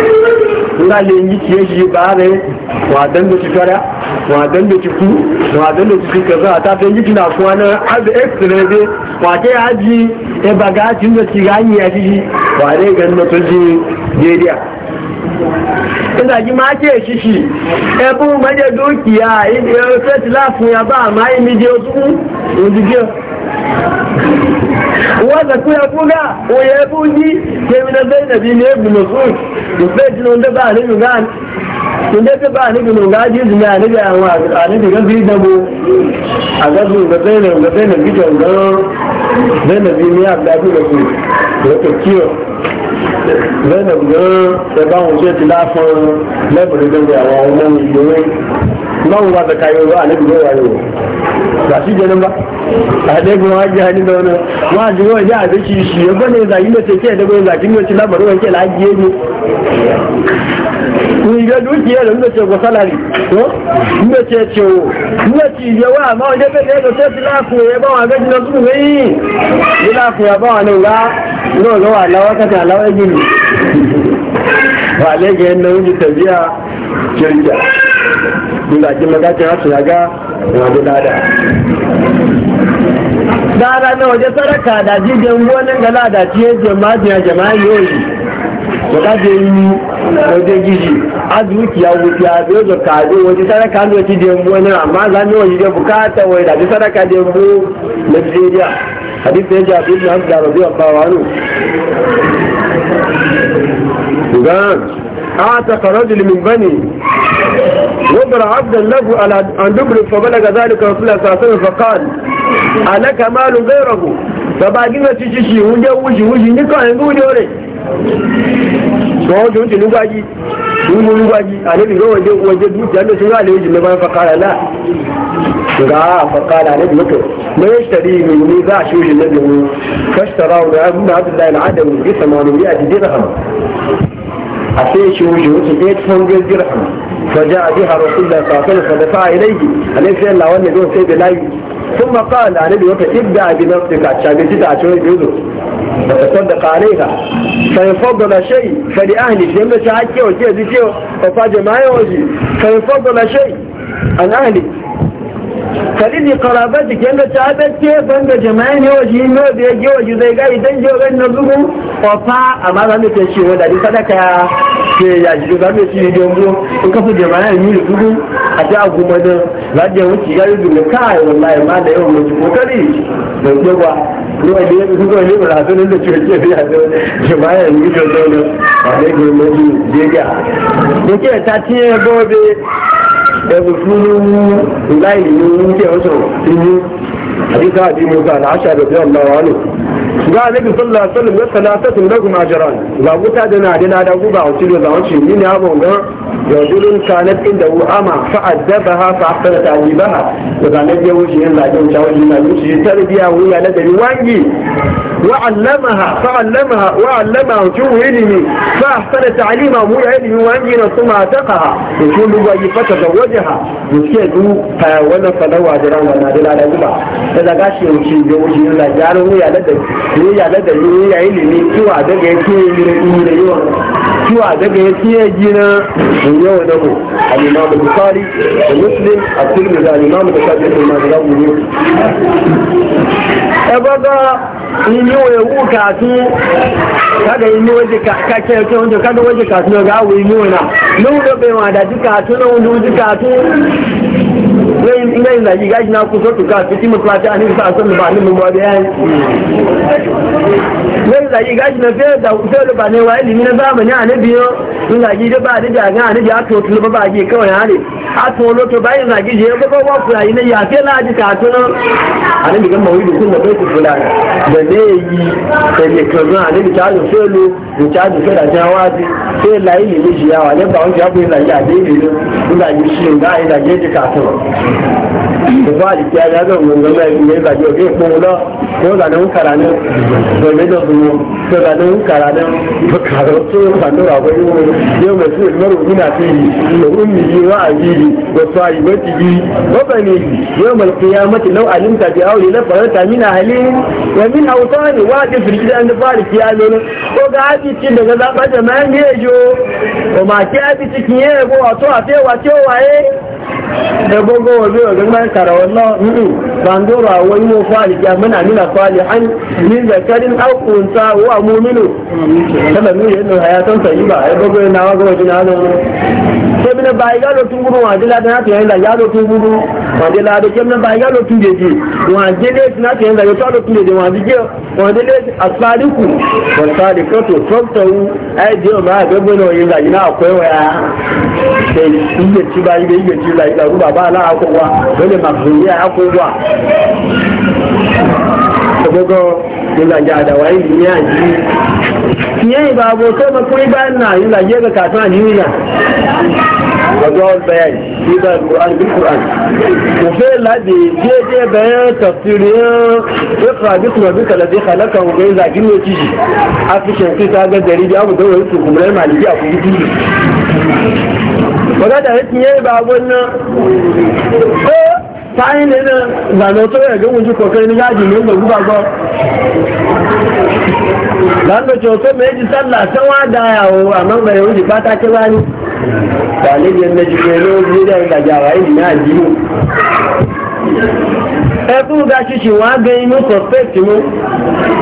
nga le yi tiye shi baare wa dan da ci kara wa dan da ci ku wa dan da ci kaza ta dan yi na kuma na azu extra be wa ke haji e bagajin da ci gani ya ji wa ne gan na to ji daidiya ina ji ma ke shi shi ma je dukiya idan sai tilafin ya ba m'a mai mi je di odige wanda ku ya buga o ya bugi ke mi na zainabi ne ibn mas'ud bai jin wanda ba ni ga in da ta ba ni bin ga ji zina ni ga wa a ni ga zai da bu a ga da ga zai ga zai ne ga ga zai ne ya da bu da ku da ta kiyo zai ne da ba mu je tilafon labarin da ya wa wannan yoyin nan ba zaka yi ba annabi ne wayo ba shi kenan ba a dai kuma haji hali da wani ma ji wa ya da shi shi ya bane za yi mace ke da bane za kin yi labarin wanke lajiye ne ni ga dukiya da muke go salari to muke ce muke yawa ma wanda bai da sai tila ko ya ba wa gaji na su ne ila ko ya ba wa nan ga no ga wa lawa ka ta lawa gini ba le ga nan tabiya kirkiya nígbà tí mo dákẹ́ láti rágá ìrìnàjò dáadáa. dáadáa náà ọjọ́ da àdájí jẹ ń wọ́n nígbà láàdá tí ó jẹ máa jẹ àjẹmá yóò yìí mọ̀táde ní ọdẹ gidi azùkì àwòtí àbí ọjọ kàdé wọn ti sáràkà ló ti jẹ mú ẹni àmọ́ àgbà náà yìí jẹ bùkátà wọn ìdàbí sáràkà jẹ mú nàìjíríà àdìsí ẹjẹ àbí ìlú àbúdà rọ̀bí ọ̀pá wa nù. أعتق رجل من بني وضر عبدا له على أن دبر فبلغ ذلك رسول الله صلى الله عليه وسلم فقال ألك مال غيره فباقي تشيشي وجه وجه وجه نكا ينقول يوري وجه وجه نقاجي dubu ruwaji a nabi ga waje waje dukiya da sun gane wajen bayan fakara la ga fakara nabi wato na ya shari ne ne za a shi wajen nabi mu kashtara wa abdullahi a sai shi wuce wuce ɗaya ta hanzuwar jirhan fa ja a jihar rasu da sasani fa da fa a a nan sai lawan ne zuwa sai da layi sun ma kawai da alibi wata ibda a binar su ka cabe ji da a cewa biyu zo da ta sanda kare ka fa yi shai fa ahli shi yadda shi hakki wa kiyar zike wa fa je mayan waje fa yi fa shai an ahli kalin ni karabar jikin da ta abin ce banga jama'a ne waje yi ne wa biya zai ga idan jiwa na zubu ọ̀pá àmàlàmì tẹ́ ṣe wọ́n dàbí da ṣe àjìjọba méjì ìdí ọmọ nǹkan jẹ̀mọ́ náà ní ìdúró àti àgùnmọ́dé láti ẹ̀wọ̀n ti yára ìdùnnú káàrọ̀ láì má ne ọmọ tí mo kẹ́rì lọ́gbẹ́ wa ní wọ́n ilé gbogbo ilé yi àti olóńdó tí o jẹ́ bí àjọ jẹ̀mọ́ náà ní ìdí ọjọ́ lọ àlejò lọ́dún ìdíyẹ́gà. nǹkan ẹ̀ta tí ẹ bọ́ bí ẹ̀bù fún láì ní ní ìdí ọ̀sọ̀ ga annabi sallallahu alaihi wasallam ya salatatu lahum ajran ga guta da na da na da guba a cikin zaman shi ni na ban ga rajulun kanat inda hu ama fa addabaha fa ahsana ta'ibaha ga annabi ya wuce yan zaje wuce wuce na wuce tarbiya wuya ladabi wangi وعلمها فعلمها وعلمها وجوه علمي فأحسن تعليمها مو علمي وأنجنا ثم أتقها يقول له فتزوجها يسيدو فأولا فلو أجران ولا دل على قبع إذا قاش يمشي يوجي لا جارو يا لدي يا لدي يا علمي كوا دقي كوا يمشي يوم cewa daga ya ciye gina in yawa da mu al-imam da muslim a cikin da al da kaji da imam da ne e baga in yi wa wu kasu kada yi waje ka ke wanda kada waje kasu ga wu yi na nu bai ma da kasu wanda ji kasu ngayin ina yin zagi gashi na kusa to ka fiti mu fata an sa san ba ni mu da yayi ngayin zagi gashi na fe da da ba ne wai limi na zamani a ne biyo in zagi da ba da daga ne da to to ba ba ji kawai hali a to lo to bai zagi je ba ba ku yi ne ya fe la ji ka to a ne bigan mawidi kun da bai ku kula da ne yi ne kaza a ne ta da fe lo ta da fe da jawabi sai layi ne ne shi yawa yadda wani abu yana yi a daidai ne ina yi shi a yi je ji kafin da ba da kiya ya zama mun zama ya zage o zai kuma da ko da karanin da da zuwa ko da karanin ba karo so ya sanu a bai mu yau mai su ilmar rubuna fili da ummi yi wa yi wa sai a yi wa bani yau mal qiyamati law alimta bi awli la farata min ahlin wa min awtani wa kifri da an da ba da kiya ne ko ga abi cin daga zaba jama'a ne ya yo o ma ke abi cikin ye go a to a te wa te wa gogo kara mm fali fali an kunta wa kana gogo na wa gogo na no ke ba lo tun wa da ta ya lo tun wa ke ba lo tun wa na lo tun wa wa asadiku wa sadikatu ai ma ga ẹgbẹ́ náà yìí láyé náà pẹ́ wẹ́ ṣe ìgbè tí bá ilé ìgbè tí láyé lọ́rù bàbá aláàkó wa lọ́lẹ̀ màgbìyà àkó wa ọgbọ́gọ́ ìlàjà àdàwà ìlú ní àjí ìyẹn ìbàbò tó fún ìlàjẹ́ wajen bayani shi da Qur'an bil Qur'an ko sai ladi je je bayan tafsirin ikra bi rabbika alladhi khalaqa wa ghayza jinni a cikin sai ta ga dari da abu da wani su kuma maliki a kuma ci waga da yake yayi ba wannan ko ta yi ne na zano to ya ga wunji kokari ni yaji ne ba guba ba dan da ce so me ji sallah da yawo amma bai wuce ba ke tàlejò méjì pẹ̀lú orílẹ̀ ìgbàjàrà ìlú náà jímú ẹkùn ga ṣíṣe wọn á gẹ inú sọ̀fẹ́ẹ̀tì mú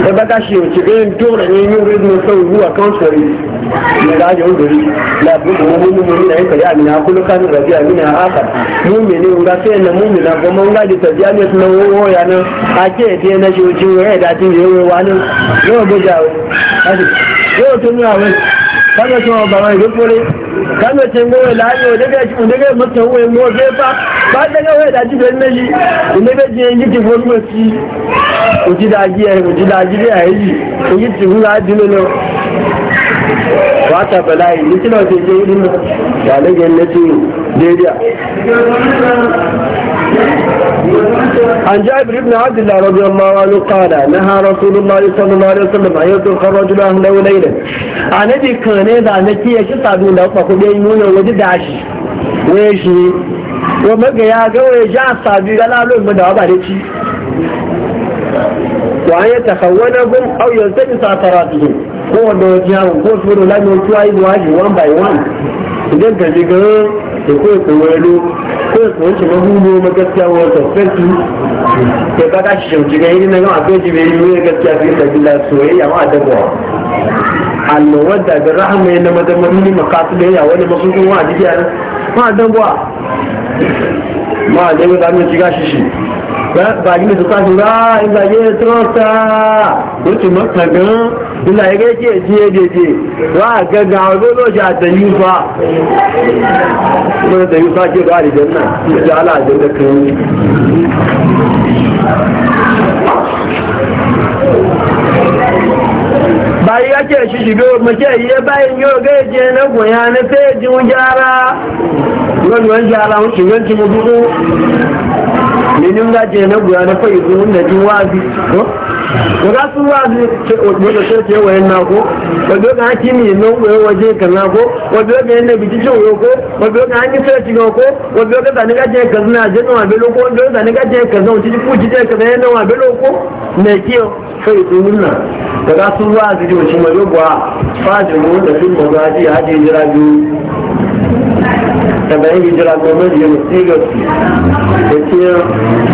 ẹgbẹ́ ká ṣe òṣèré ń tó rẹ̀ ní inú rí mo fẹ́ òwú àkáǹsọ̀rì ìgbà ayọ̀ òdòrí làbí òun mú mímú ní ẹ̀yìn pẹ̀lú àmìnà akólókánú rẹ̀ na àmìnà áàkà mú mi ní nga na mi di na ti kaga cewa ba mai gurgure kaga ce gowe layo daga shi inda ga masa huwe mo ke fa ba daga wai da ji ben nayi inda ga ji yin ki gon mo ci uji da ji ai uji da ji ai uji ji hu la ji ne no wata bala'i ni kina ce je irin da ne ne ci daidai عن جابر بن عبد الله رضي الله عنه قال نهى رسول الله صلى الله عليه وسلم أن يترك الرجل أهله ليلا عن أبي كان إذا نتي يشطع بن الله فقل يمون وجد عشي ويشي وما قيا قوي جاء الصابي قال لا لهم من عبارتي وأن يتخونهم أو يلتمس عثراتهم هو دوجهم هو فرولان وكوايد واجه وان باي وان إذن كذلك da kawai kowelo kawai kowai shi mahulo magaskiya wa tafarki ya baka shi shauci ga yi na gama kai ji bai yi gaskiya fi sabila soyayya ma dabuwa almawadda da rahama ya nama da mamini makasu da yawa da masu kuma a jikiya ma dabuwa ma da yau da amince gashi shi bàjí mi tùkà ṣùgbà ìgbàjẹ́ tọ́ta ó ti ga kàgán ìlà ẹgbẹ́ tí èdè èdè wà gẹ́gẹ́ àwọn olóòjì àtẹ̀yúfà lórí tẹ̀yúfà jẹ́ ìwà àdìjẹ́ náà ìjọ aláàjẹ́ bayi ake shi shiga mace iya bayan yau ga je na goya na sai ji mun wani wani gyara mun shigan ci mu dudu ne ni ga je na na fayi ji wazi ko ko ga su wazi ko da sai ce wayan na ko ko do ga kimi no waye waje kan na ko ko do ga ne bi ji ko ko ko do ga ni sai ci ko ko do ga ni ga je kan na je no wa belo ko do ga ni ga je kan zo ci ku ji je wa ko ne sai tsumin nan da za su zuwa su ji wacin majo buwa fajin mu da fil mazaji a je jira biyu da bayan hijira goma da yamma sai ga da ke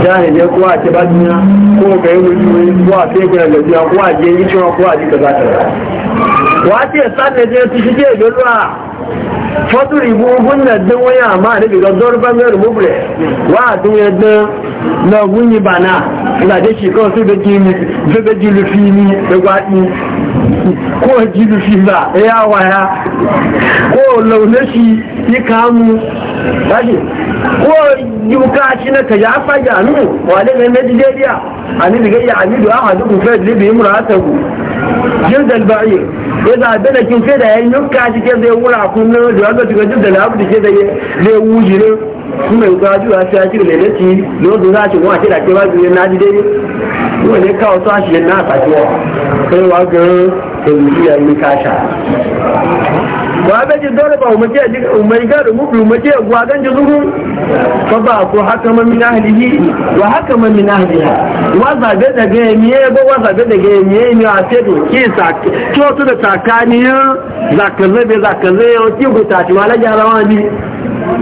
jahiliyar ko a ce ba duniya ko ga yi mutum ko a fegura gajiya ko a je yi cewa ko a ji ka za ta wàtí ẹ̀sánlẹ̀ jẹ́ ti ṣíjẹ́ ìgbẹ́lú à fọ́tùrì ìbú gúnnà dín wọ́n yà máa níbi gọ́dọ́rù bá mẹ́rin múbùrẹ̀ wà tún yẹ dán na gúnyí bà náà ìlàdé ṣìkọ́ sí bẹ́bẹ́ jìlù fi ní ẹgbà ní kó jìlù fi bà ẹyà wáyá kó lọ́lẹ́ṣì ikà mú láti ko yíká ṣí na kàyà fàjà nù wà lẹ́gbẹ̀ẹ́ mẹ́jì dẹ́díà àníbìgẹ́ yà àmìdò áhàdùkù fẹ́ جلد البعير إذا بدك كده ينكع كده يقول عقولنا جوابك جلد العبد كده يوجد kuma yi gaju a ta shirin da lati lozu za shi wa kira ke ba zuwa na jide kuma ne kawo sa shi na sakiwa kai wa ga kai yi kasha wa ba ji dole ba umma ji umma ga da mu umma wa gan ji zuru fa ba ku haka min ahlihi wa haka min ahliha wa za da ga miye ba wa za ga da ga miye ni a ce do ki sa to to da takani zakalle be zakalle o ki guta wala jarawani A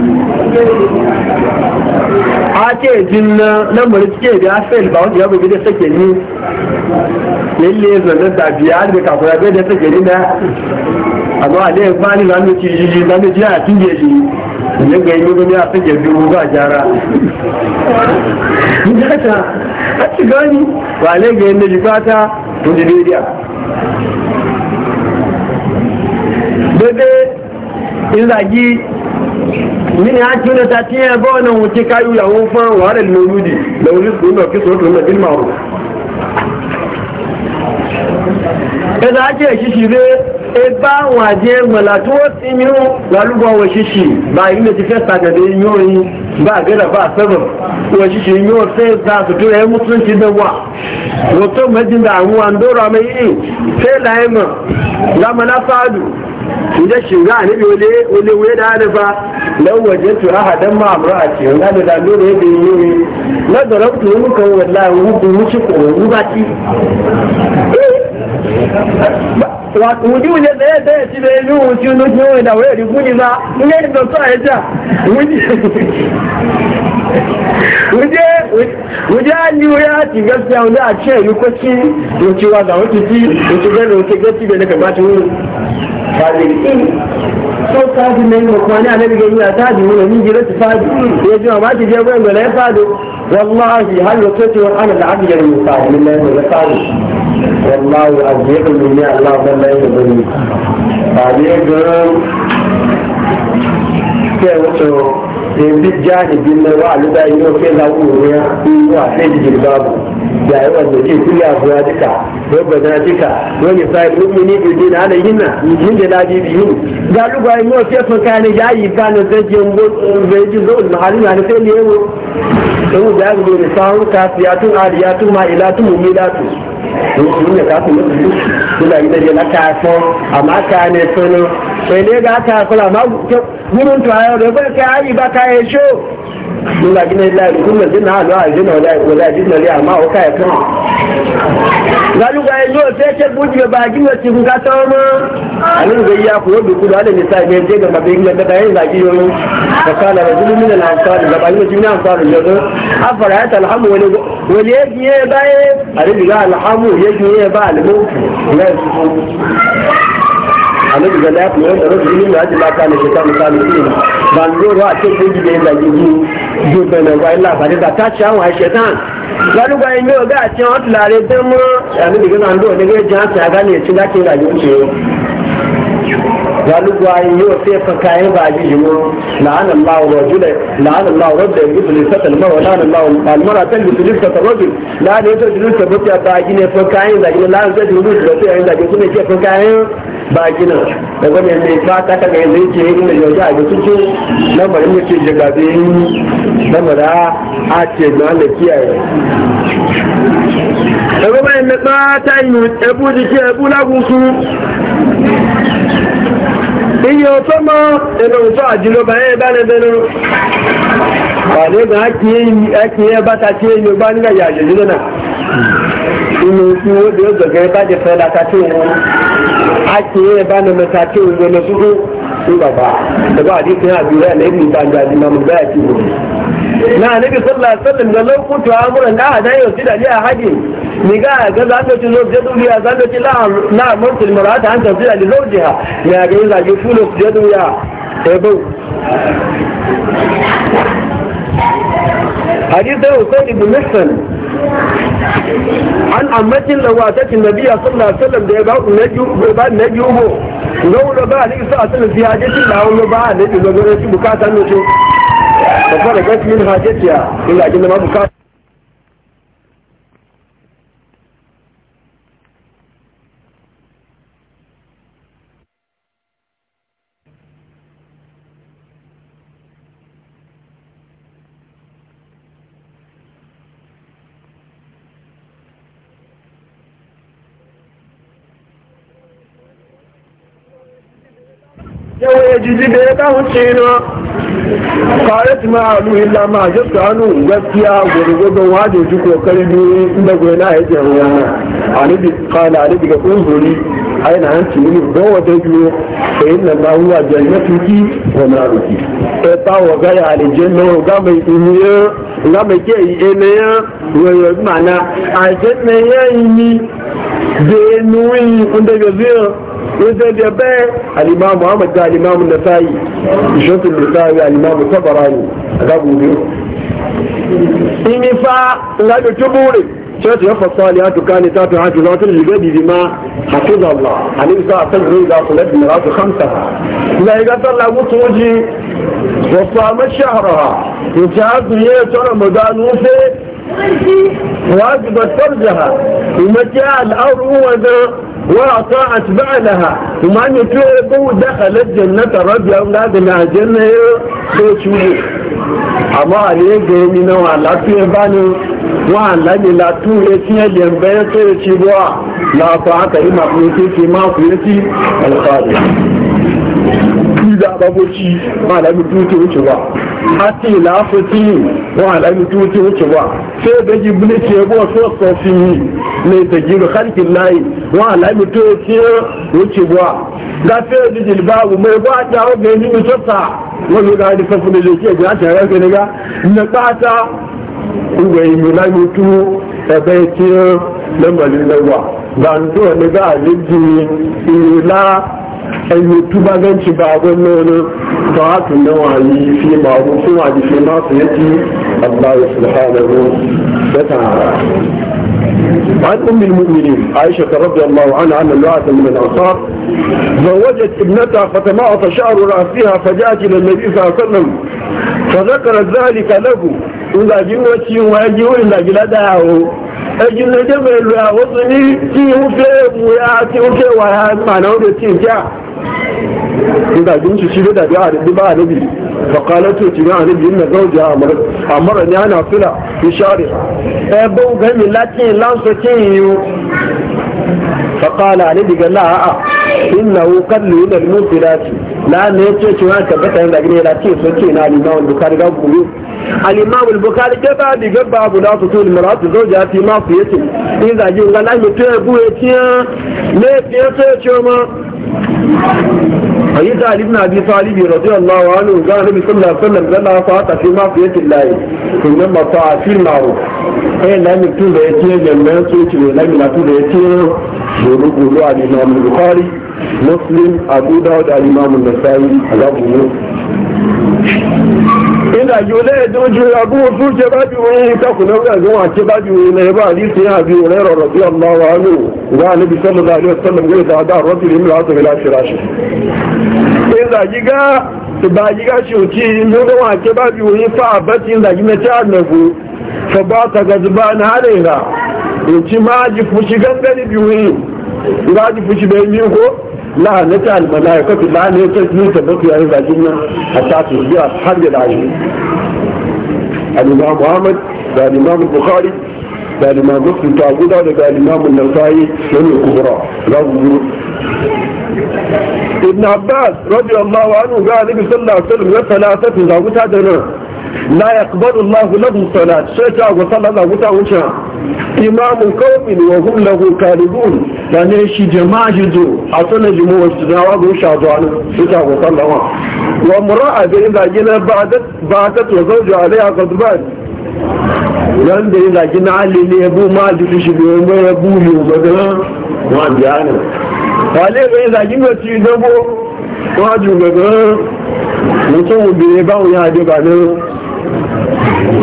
ake jin na lamarin cike biya fail ba wanda ya bugi da sake ni lalle zanen da biya da kakura bai da sake ni da amma a ne ba ni zanen ci jiji zanen jiya a cinye shi ne ga yi gani a sake dubu ba jara ta a ci gani ba ne ga yadda jikata tun da media daidai in zagi mini haki na tati ya ba nan wuce kayu ya wufa wa da luludi da wuri su da kiso to na bilma ru ẹ̀dá ajé ìṣíṣì rẹ̀ ẹgbá àwọn àjẹ́ ẹgbẹ̀lá tó ó ti ní lálúgbọ́ àwọn ìṣíṣì bá ilé ti fẹ́ sàgẹ̀dẹ̀ yóò rí bá àgẹ́dà bá sẹ́rọ̀ wọ́n ìṣíṣì yóò fẹ́ gba àtútù ẹ̀ mú tún ti dẹ̀wà wọ́n tó mẹ́jìndà àwọn àndóra mẹ́yìn fẹ́ láẹ́mọ̀ lámọ́lá inda shiga a nabi wale wale da fa. lau waje tu aha dan ma amura a ce wani da dalo yadda yi yi na da rabu tuyi muka wala wuku wuce ko wani ba ci wùdí wùdí ẹ̀dẹ́ ẹ̀dẹ́ ti lè ní ohun tí ó lójú ìdàwó ẹ̀rí fún ìlà nílé ìdọ̀tọ̀ ẹ̀dà wùdí wuje aliyu ya ci gaskiya wanda a ce lokaci dokewa ga wata ci da ci gani wata gaci da daga bata wurin sau sadi na yi makwani a nabi gani a sadi wani ni gira ta sadi ya ji ma ta je gwayan gwala ya sado wallahi har da ce wani da abu yar musa min na yi da sado wallahi a jefa min ne allah ban na yi da gani sadi ya gani sai wato ebi janibin na wa aluda yi yau kai zaɓu ne ya a sai jigin babu yayin e wanda ke kuya zuwa duka rabba na duka wani sai mu'mini bi din ala yinna yin da labi bi yin ga lugwa yi yau kai sun kai ne yayi ba na zajiyan bo zai ji zo na halin e e na sai ne yau don da ga ne sahun kasiyatun aliyatun ma'ilatun mu'minatun mun ne ka su mutu kula ida je la ka so amma ka ne sono pẹ̀lẹ́ ga aka akọ́lá máa gúrú tó ayọ́ rẹ̀ pẹ́ kẹ́ ayé bá yi ẹ ṣó nígbà gíní láì gúrú sí náà lọ àìsí náà láì pẹ̀lú àìsí náà lé àmà ọ̀ká ẹ̀ fún ọ. lálùkọ ẹjọ́ tẹ́ ṣe kú jù bá jí mo ti kú ká tọ́ mọ́. àlùkọ yìí akùn ó dùkú lọ́dẹ̀ ní ga ìgbẹ́ gàmà bí ilẹ̀ bẹ́ta yẹn ìlàjì yọrọ. kàkà lọ́rọ̀ sí mímú nìlà àǹfààní bàbá yóò ti ní àǹfààní alhamu wọlé wọlé yéegi ye? Ari alhamu yéegi yé bá annabi ga la ku yanda rasul ne ya ji la kana na ta misali ne ba ndo ro a cikin gidi da yanda gidi do da na wai la da ta ci wa shaitan wani gwa yin yau ga a cikin wata lare don mu annabi ga nan do ne ga ja ta ga ne ci da ke ce galibuwa yi yau sai fa kayan ba Allah Allah Allah ta fa kayan sai yusul yi da ke fa kayan ba gina da mai fata ta zai yau ga suke ke a ce na da kiyaye ta gwamnati mai fata yi ebu jiki ebu lagun su iye tó mọ́ ẹnu ìtọ́ àjùlọba ẹ̀ bá lẹ́bẹ̀ lọ́rọ̀ pàdébà ẹkì ẹ bá tàkí ẹyọ bá yà àjẹjì lọ́nà inú ikú ó dé ọgbẹ̀gẹ̀ bá jẹ fẹ́ òun ákì bá nọmọ tàkí òun lọ sókó sí bàbá ẹgbà àdífẹ́ àbúrẹ́ lẹ́yìn na annabi sallallahu alaihi wasallam da lokuta amuran da hada yau da ni a haji ni ga ga za ta ci da duniya za ta ci Na mutul marata an ta zira da zawjiha ya ga za ji fulo da duniya ebo Nisan, an بن محسن عن أمة لو أتت النبي صلى الله عليه وسلم بيبان نجوبه لو لبا عليه الصلاة والسلام في حاجة الله لبا عليه لو لبا عليه بكاتا نجوبه ففرقت من حاجتها إلا جل ما بكات Yẹ́wọ́ ẹjì jíbe táwọn ṣe náà. qalat ma alu illa ma jasu anu gaskiya gurgurdon wajo ji kokari ne inda goyi na yake ruwana alibi qala alibi ga uzuri aina hanci ne go wata biyo fa inna ma huwa jannatuki wa naruki e ta wa ga ya aljanna ga mai duniya ga mai ke yi ene ya wayo mana ya yi ni nuyi inda ga يزيد يبقى الإمام محمد قال الإمام النسائي يشوف النسائي الإمام الطبراني أقابل بيه إنفاء لا تبوري شوف يفا الصالحات كان تابعا عن ذات الجبد بما حفظ الله عن الصلاة والسلام إذا صلت مرات خمسة لا يقدر لا وجهي وصامت شهرها وجاءت هي ترى مدانوسة وفي واجب فرجها ومتاع الأرض وذا وأعطى أتباع لها وما يتوقع دخلت جنة ربي أو هذا مع جنة يتوقع أما عليه جمينا وعلى فيبانه وعلى لا توقع جنبه يتوقع لا طاعة لما قلت في ما قلت الخارج za a bagoci ma tuti wuce ba hati lafati wa alamun tuti wuce ba sai da jibini ce bo so so fi ne da jiru halkin layi wa alamun tuti wuce ba ga sai da jilbabu mai ba ta wa ga jini sassa wani ga da safu da zai ga ta ranka ne ga na ta ga yi alamun tu ta bai ce lambalin lawa ba ndo ne ga alijin ila ẹni túbá gẹ́ǹtì bá agbó lóòrò tó á tún náà wà ní fi máa wọ́n fún àti fi máa fi yẹ́tí àgbáyé bẹ́tà عن أم المؤمنين عائشة رضي الله عنها أن امرأة من الأنصار زوجت ابنتها فتماعط شعر رأسها فجاءت إلى النبي صلى الله عليه وسلم فذكرت ذلك له إذا جوتي وأجوه إلا جلدها ejìnlẹ́jẹ́ mẹ́lú àwọn tó ní tí ó fẹ́ mú ya tí ó fẹ́ wà ya mànà ó lè tí ń nígbà tí ń ṣe ló dàbí àdìdí bá àdìdí ọ̀kálẹ́ tó ti rí àdìdí ń mẹ́gbẹ́ òjò àmọ́rọ̀ ní àná fílà iṣẹ́ rẹ̀ ẹgbẹ́ ògbẹ́mi láti láǹsọ tí ìyún ọ̀kálẹ́ àdìdí gẹ́lá àà ìnáwó kálù ilẹ̀ mú fìlà tì la ne ce ce wa tabbata da gine da ce soke na al-Imam al-Bukhari ga ku al-Imam al da su tul ma ku yace in da ji ga lahi to bu yace ne ce ce ce ma ayi da ibn abi talib radiyallahu anhu ga nabi sallallahu alaihi wasallam zalla fa ta fi ma eh, ku ma ta fi ma'ruf eh la mi ce la muslim abu dawud da imamun da sayi a zaɓu mu ina jule ya dojo ya bu su ce babi wani ta kuna wuya zuwa ce babi wani ba yaba hadisi ya biyu na yara rabi Allah wa hannu ga nabi sallallahu alaihi wasallam gari da da rabi ne mila ta bila shirashi ina giga ba giga shi da mun ga wace babi wani fa bati ina gina ta annabu fa ba ta gazban halaiha uci ma ji fushi gangani biyu ne ga ji fushi bai ko لعنة الملائكة لعنة تجميل تبقي أيضا جنة حتى الإمام محمد والإمام البخاري والإمام مسلم تعبد والإمام النسائي من الكبرى ابن عباس رضي الله عنه قال النبي صلى الله عليه وسلم ثلاثة la yaqbalu Allahu lahu salat sai ta ga sallah da guta wuce imamu kawfin wa hum lahu kalibun da ne shi a sanar jimu wasu zawa go shazwanu sai ta ga sallah wa da inda gina ba'dat ba'dat wa zawju alaiha qadban nan da inda gina ali ne bu ma ji shi go mai ya bu yo madan wa biyana wale ga inda gina ci dabo ya ji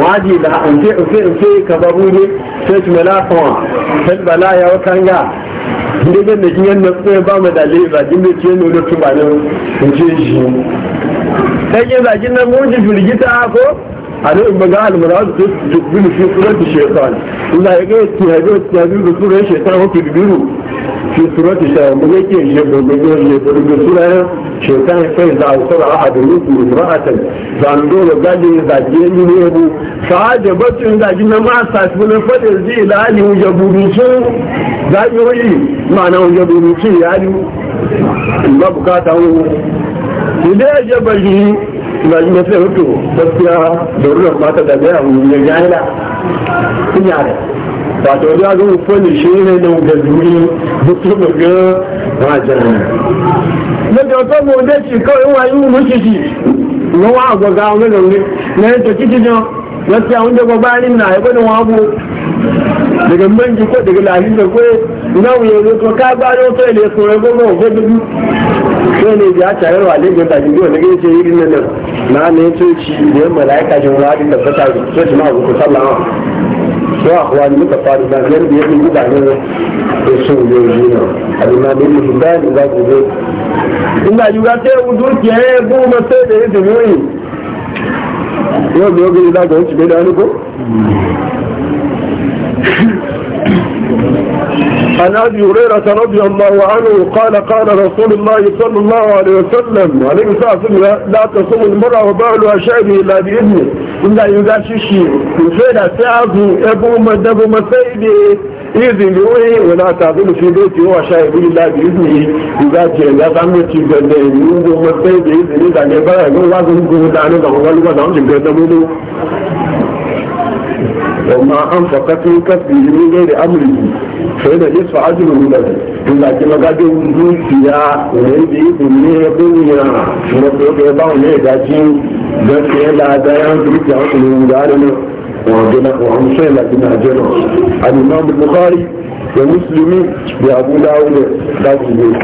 waji da an ce ufe ufe ka babu ne sai ci mala kuma sai bala ya wata ga inda zan da jiyan na tsaye ba mu da leba din da ce nono tuba ne in ce shi sai ke zakin nan mun ji firgita ko a nan in baga almurad su jibbin fi surat shaytan Allah ya ga ya tiyaje tiyaje da surat shaytan ko firbiru في سورة الشامية يجب بسورة شيطان فإذا أوصر أحد منكم امرأة فأنظر قال إذا جيني يبو فعجبت إذا جينا ما أستعجبنا فإذا جي إلى أهل يجبوا بيشو ذا يريد معنى يجبوا بيشو يعني ما بكاته إذا يجب لي na yi masu yato gaskiya da rurar mata da gaya wuri ya gaya na kunya da wato da ga ufani shi ne da ga duri mutum ga wajen ne da to mu da shi kawai wa yi mu shi no wa ga ga ne wata wanda ba na ya daga ko daga lahin da ko na wuye ne to ka ba ro sai le so ne gogo ga dubu sai ne ya tayar wa lagos da ko ne ce irin nan na ne to ci da malaika jin wa da tabbata so ma ku sallama wa akwani muka faru na nan da yake mutane da su yoyi na alima da yake da ni za ku zo ina yi ga sai wudu ke bu ma sai da yake yi yau da yau ga ga wuce bai da ni ko عن أبي هريرة رضي الله عنه قال قال رسول الله صلى الله عليه وسلم عليه الصلاة لا تصوم المرأة وبعلها شعري إلا بإذنه إلا إذا ششي وفيدا تعظوا أبو مدب مسيدي إذن لوي ولا تعظل في بيتي هو شعري إلا بإذنه إذا كان لا تعمل تجدين يوم مسيدي إذن إذا نبرا يقول لازم يقول لعنه الله لغة دعوه لغة دعوه وما أنفقت من كسبه من غير أمره فإن يسوى عجله له لكن ما قد يقول فيها ويدي بني بنيا ويقول يبعو نيجاجين ذلك إلا دايان تريد عقل من غالنا وعن شيلة بن أجنة الإمام البخاري ومسلم بأبو داود داود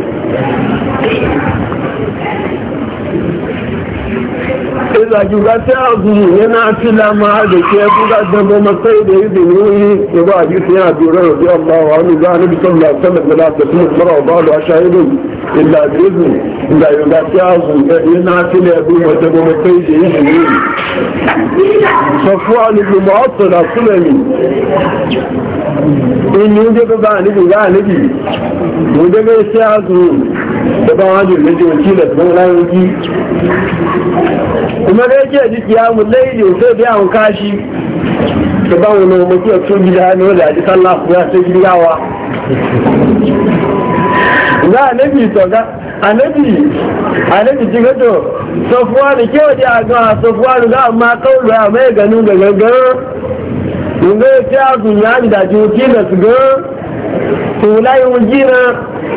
ìlàjúgbà tí a gùn yẹn náà tí la máa lè ṣe búgbà dandan mọ́tò èdè ìdè ní orí ìwà àjùsí àdúrà òdí ọba wa ní ìgbà níbi tó ń la sẹ́lẹ̀ pẹ̀lú àtẹ̀tún ìfọ́rọ̀ ọba ọ̀dọ̀ aṣá ìlú ìlà ìlú ìlà ìlà tí a gùn yẹn náà tí lè bí mọ́tò mọ́tò èdè ìdè ní orí. sọ fún alùpùpù ọ̀sọ̀ nà súnlẹ̀ mi inú ń dégbé bá níbi ìyá níbi mo dégbé tí a gùn ìbá wọn jù méjì òkú ilẹ̀ tó ń láyé ojú kuma zai ce ji kiyamu laili sai biya hun kashi da ba wani mutu ya da hannu da ji sallah ku ya tsoji yawa za a nabi to ga a nabi a nabi ji gato da kewa ji ga sofuwa da za mai ganin ìgbé tí a sùn yá ìdájú kí lè ṣùgbọ́n tòlá ìwọ̀n jìnnà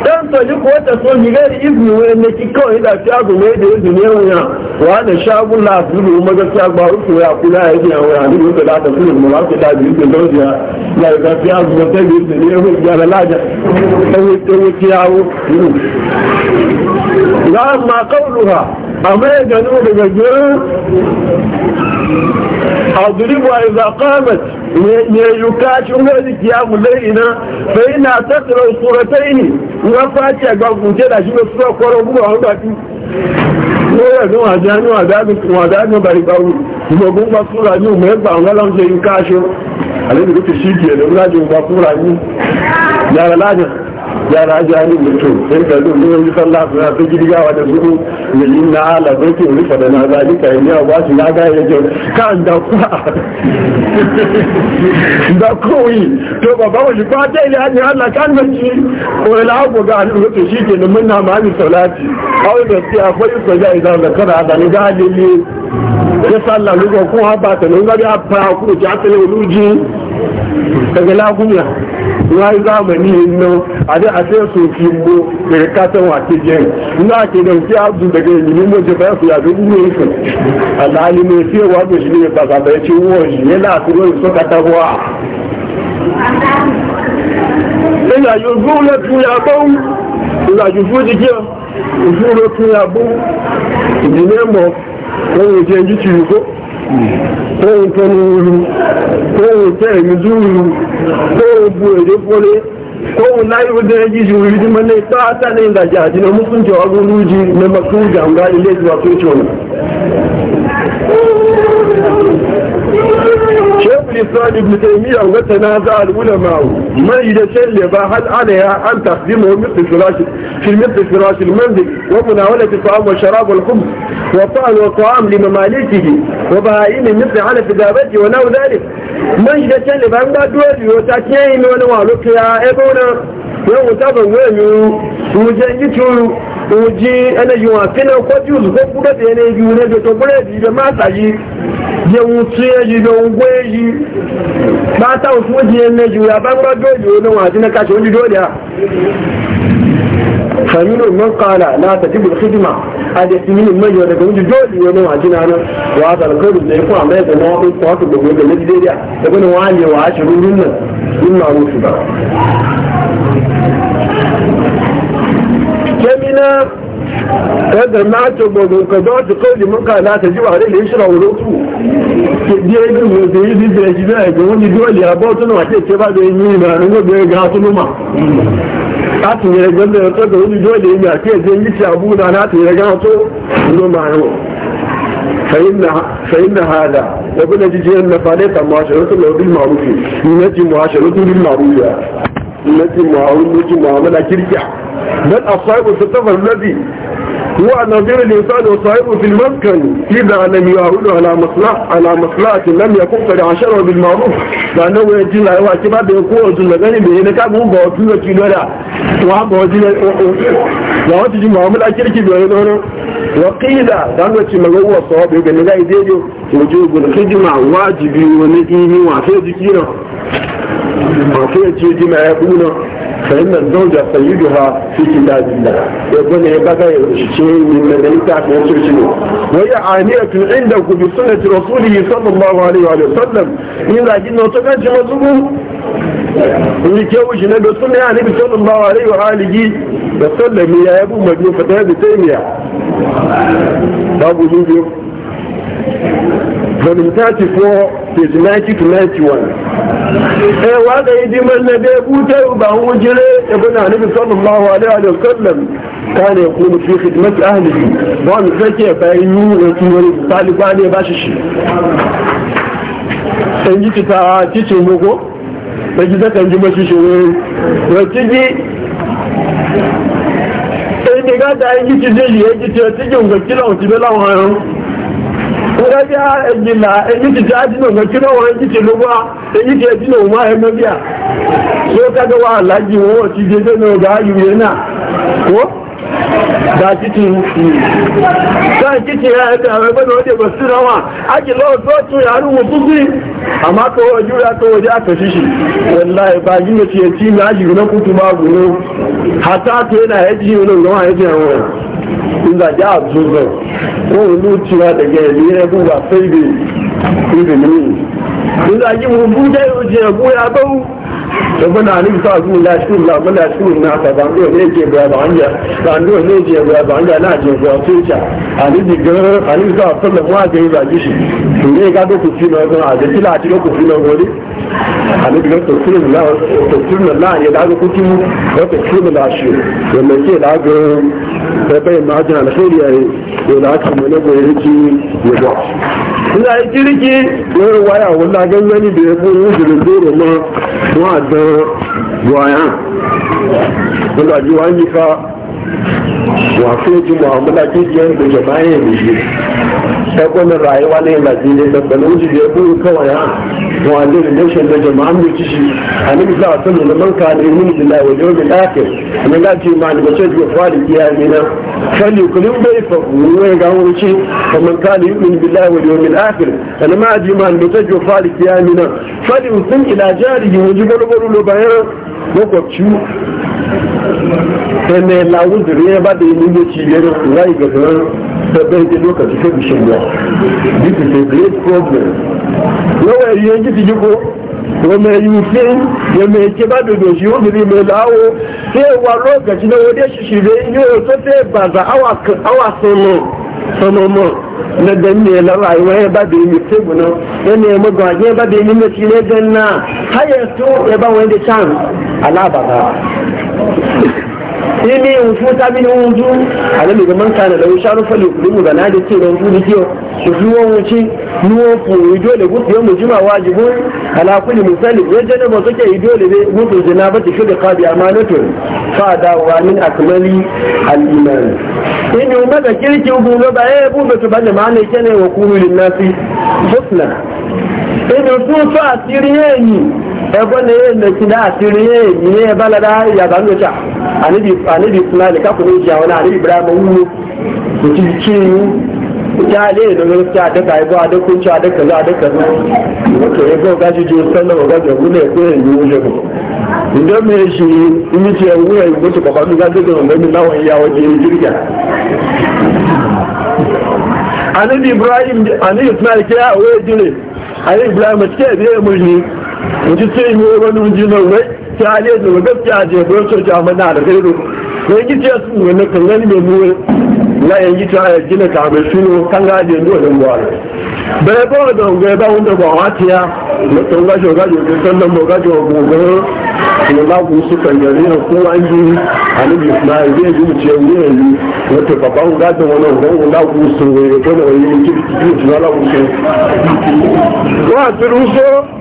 tó ń tọ́jú kó tẹ̀sán jìgẹ́ ní ìgbì ìwé ẹni kíkọ́ ìdá tí a sùn lé da ìdì ní ẹ̀wọ̀n yàn wà á lè ṣáàbù láàbù lù ú mọ́jọ́ tí a gba oṣù rẹ̀ àkúrẹ́ àìdí àwọn àdí ló ma tẹ̀sán lè mọ̀ wá sí láàbù ìgbè lọ́sì à láìka tí a sùn tẹ́lẹ̀ ìdì ní ẹ̀wọ̀n ìjàrẹ̀ láàjà ẹwẹ́ tí a wó. láàmà kọ́ amma ya gano daga gurin adribuwa iza qamat ne yukaci ungar da kiyamu laina fa ina tattara suratai ne na faci a gagunce da shi da sura kwaro kuma wani baki ne ya zan wa jani wa dajin wa dajin bari bawu kuma ya na ji hannun mutum sai ka zo ne yi sallah su ta girgawa da gudu da yin na ala zai ke rufa da na zalika ya yawa ba su na gaya ya k'a kan da kuwa da kowai to ba ba shi fata ile hannun allah kan mace ko ya lagu ga hannun rufe shi ke mun na mami salati kawai da su akwai su ga idan da kana da ni ga hannun ya sallah lukon kun haɓata nun gari a fara kuma ki asali wuluji daga lagunya na yi zamani nan a da a sai fi mu daga katon wake jiyan na ke da wuce abu daga ilimin wajen bayan su yabi uwe su alhali mai fiye wa da shi ne ba za ta yace uwa shi yana a turo su ka tabuwa ina yi zuwa tuya bau ina yi zuwa jikin zuwa tuya bau jine mo wani wajen yi ciwo tó ń tẹnu ooru tó ń tẹ ẹ̀mí dúró tó ń bu èdè mọ́lẹ̀ tó átà ní àti ọmọ fún jọ ọdún lójú mẹ́mọ́ tó ń ilé ìgbà tó ń tọ̀nà. شيخ الإسلام ابن تيمية وتنازع العلماء ما إذا شلب هل عليها أن تخدمه مثل فراش في مثل فراش المنزل ومناولة الطعام والشراب والخبز والطعام والطعام لمماليكه وبهائم مثل على دابته ونحو ذلك ما إذا شلب أن تدور وتكين ونوالك يا إبونا yau wuta ban wayo wuje yi turu wuji ana yi wa fina ko juice ko kura da yana yi wune da to kura da da mata yi ya wuce ya yi da ungwe yi ba ta wuce wuji ya ne juya ba yi wani wa jina kashe dole ya man kala ta hidima a da su minin mai dole wani wa jina wa ta da ya kuma mai da na da gobe na jideriya da wani wa ne wa nan in ma ba na kada ma to gogo ka zo to ko di mun ta ji wa dai shi rawo ke di ai du mu dai di da ji ga wani dole a bautu na wace ce ba da yi na ngo be ga su ma a ti ne ga da to ga wani dole ya ke je yi ci abu na na ti ga to ngo ma ro فإن هذا وبنجي جهنم فليس معاشرة له بالمعروف ينجي معاشرة بالمعروف التي معاملة معاملة كركع بل الصائب في السفر الذي هو نظير الإنسان وصائب في المسكن إذا لم يعود على مصلحة على مصلحة لم يكن قد عشره بالمعروف لأنه يجب على واجبات يقوى جلدان بهنا كابون بوطلوة كنورا وعب وزيلة وعطي معاملة كركع بهنا وقيل دعوة ما هو الصواب يقول لنا يديجوا وجوب الخدمة واجبي ونقيني وعفيد كينا عطية جيدي ما يقولون فإن الزوجة سيدها في كتاب الله يقول هي إيه بقى شيء من مدينة عشر شنو وهي عانية عندك بسنة رسوله صلى الله عليه وآله وسلم إذا جئنا تقاتل مزبوه ويتجوز نبي صلى عليه صلى الله عليه وآله وسلم يا أبو مجنون فتاة تيمية أبو جوجو فمن تأتي فوق page 90 to 91 eh waka hidimar na dai butar ba jire hanifi sallallahu alaihi wa sallam ji ta ji zakan ji shi ji ga yi ci ya ji ga kila bela ẹgbẹ́ ẹgbìnà èyí ti ti ájínà ọ̀nà kí náà wọ́n ti ló wá èyí ti ẹjínà òun wá ẹgbẹ́ na ló kájọ wá aláàjì owó ti dé sẹ́nà ọ̀gá ayùwé náà wó dákítì dákítì ẹgbẹ́ àwọn ẹgbẹ́ náà dẹ̀gbọ̀ na náà ájì lọ́wọ́ tó tún yàrá wọn tún sí àmá tó ojú rẹ̀ tó ojú àtọ̀ṣíṣì ẹ̀lá ẹ̀bá yìí ti ẹ̀ tí ìlú ayùwé náà kú tó máa nígbà já àtúnbẹ̀ wọ́n ń cewa tí wọ́n tẹ̀gẹ̀ ní ẹkùn wà fẹ́ ibè ibè ní ìlú. ya tó wù. bai ma'ajin alkhairi a yi da aka mana bai riki ya ba ina yi kirki na waya wala gangani da ya kuma wujirin doro ma wa'adar waya wanda ji wani ka wàfẹ́ ju mọ̀ọ́mọ́lá da ẹ̀ ń gbèjọ báyẹn nìyí ẹgbẹ́ mi ra ìwà ne nàìjíríà ẹgbẹ́ pẹ̀lú oúnjẹ ìdí ẹgbẹ́ yìí kọ́wọ̀ yá wọn àlẹ́ ne lẹ́jọ máa ń lè jíjí àníbi sáà tó lè lọ́mọ́ nǹkan ní inú ìdílé àwọn ìlú mi láàkẹ́ àmì láti máa ní bọ́sẹ̀ ju fún àdìgí àmì náà fẹ́lẹ̀ kò ní bẹ́ẹ̀ fọ̀ wúwo ẹ̀ka wọn ṣe ọmọ nǹkan ní inú ìdílé àwọn ìlú mace láàkẹ́ àmì máa ne máa ní bọ́sẹ̀ ju fún wani àmì náà fẹ́lẹ̀ ne sai na uzuri ba da yi nuna cibiyar za yi gasa sabbin da lokaci ta bishin ya this is a great problem yawa yi yanki fi jiko wa mai yi fin ya mai ke ba da doshi uzuri mai lawo sai wa lokaci na wadda shi shirye yi wa sosai ba za awa sanu sanomo na danne e na rayuwa ya e ba da yi mutubu na ya nemi gwaje ba da yi mace ne don na har yanzu ya ba wani can alaba ba sai me yin futa min wuzu alabi ga manka na da sharu fa lukumu da na da ce don fudu kiyo su zuwa wuce nuwa fuyi dole gudu yau mujima wajibu ala kulli musallim ya jana ba suke yi dole ne gudu jina ba ta shiga kabi amanatu fa da wa min akmali al iman in yi umar da kirki gudu ba ya yi ba su bane ma ne kene wa kullu lin nasi husna in yi su su asiriye ni ẹgbọ́n ní èèmẹ̀ tí náà ti rí èèmì ní ẹbá lára ìyàbá ń lọ́jà àníbi ìfúnná lè kápò ní ìjà wọn àníbi ìbúra wúwo kò ti kí inú ìjà alẹ́ adẹ́ka ẹgbọ́ ju sẹ́lẹ̀ ibrahim ibrahim wuce sai yi wani wajen nan wai ta ne da gaskiya je ko so ta mana da kai do ne ki su ne kan gani ne mu la yan gita ya gina ka mai suno kan ga da ga ba wanda ba da san nan ne ba ku su kan ko an zai ce babban da wani ko la ku su ko da wani ki ki ji la ku su a turu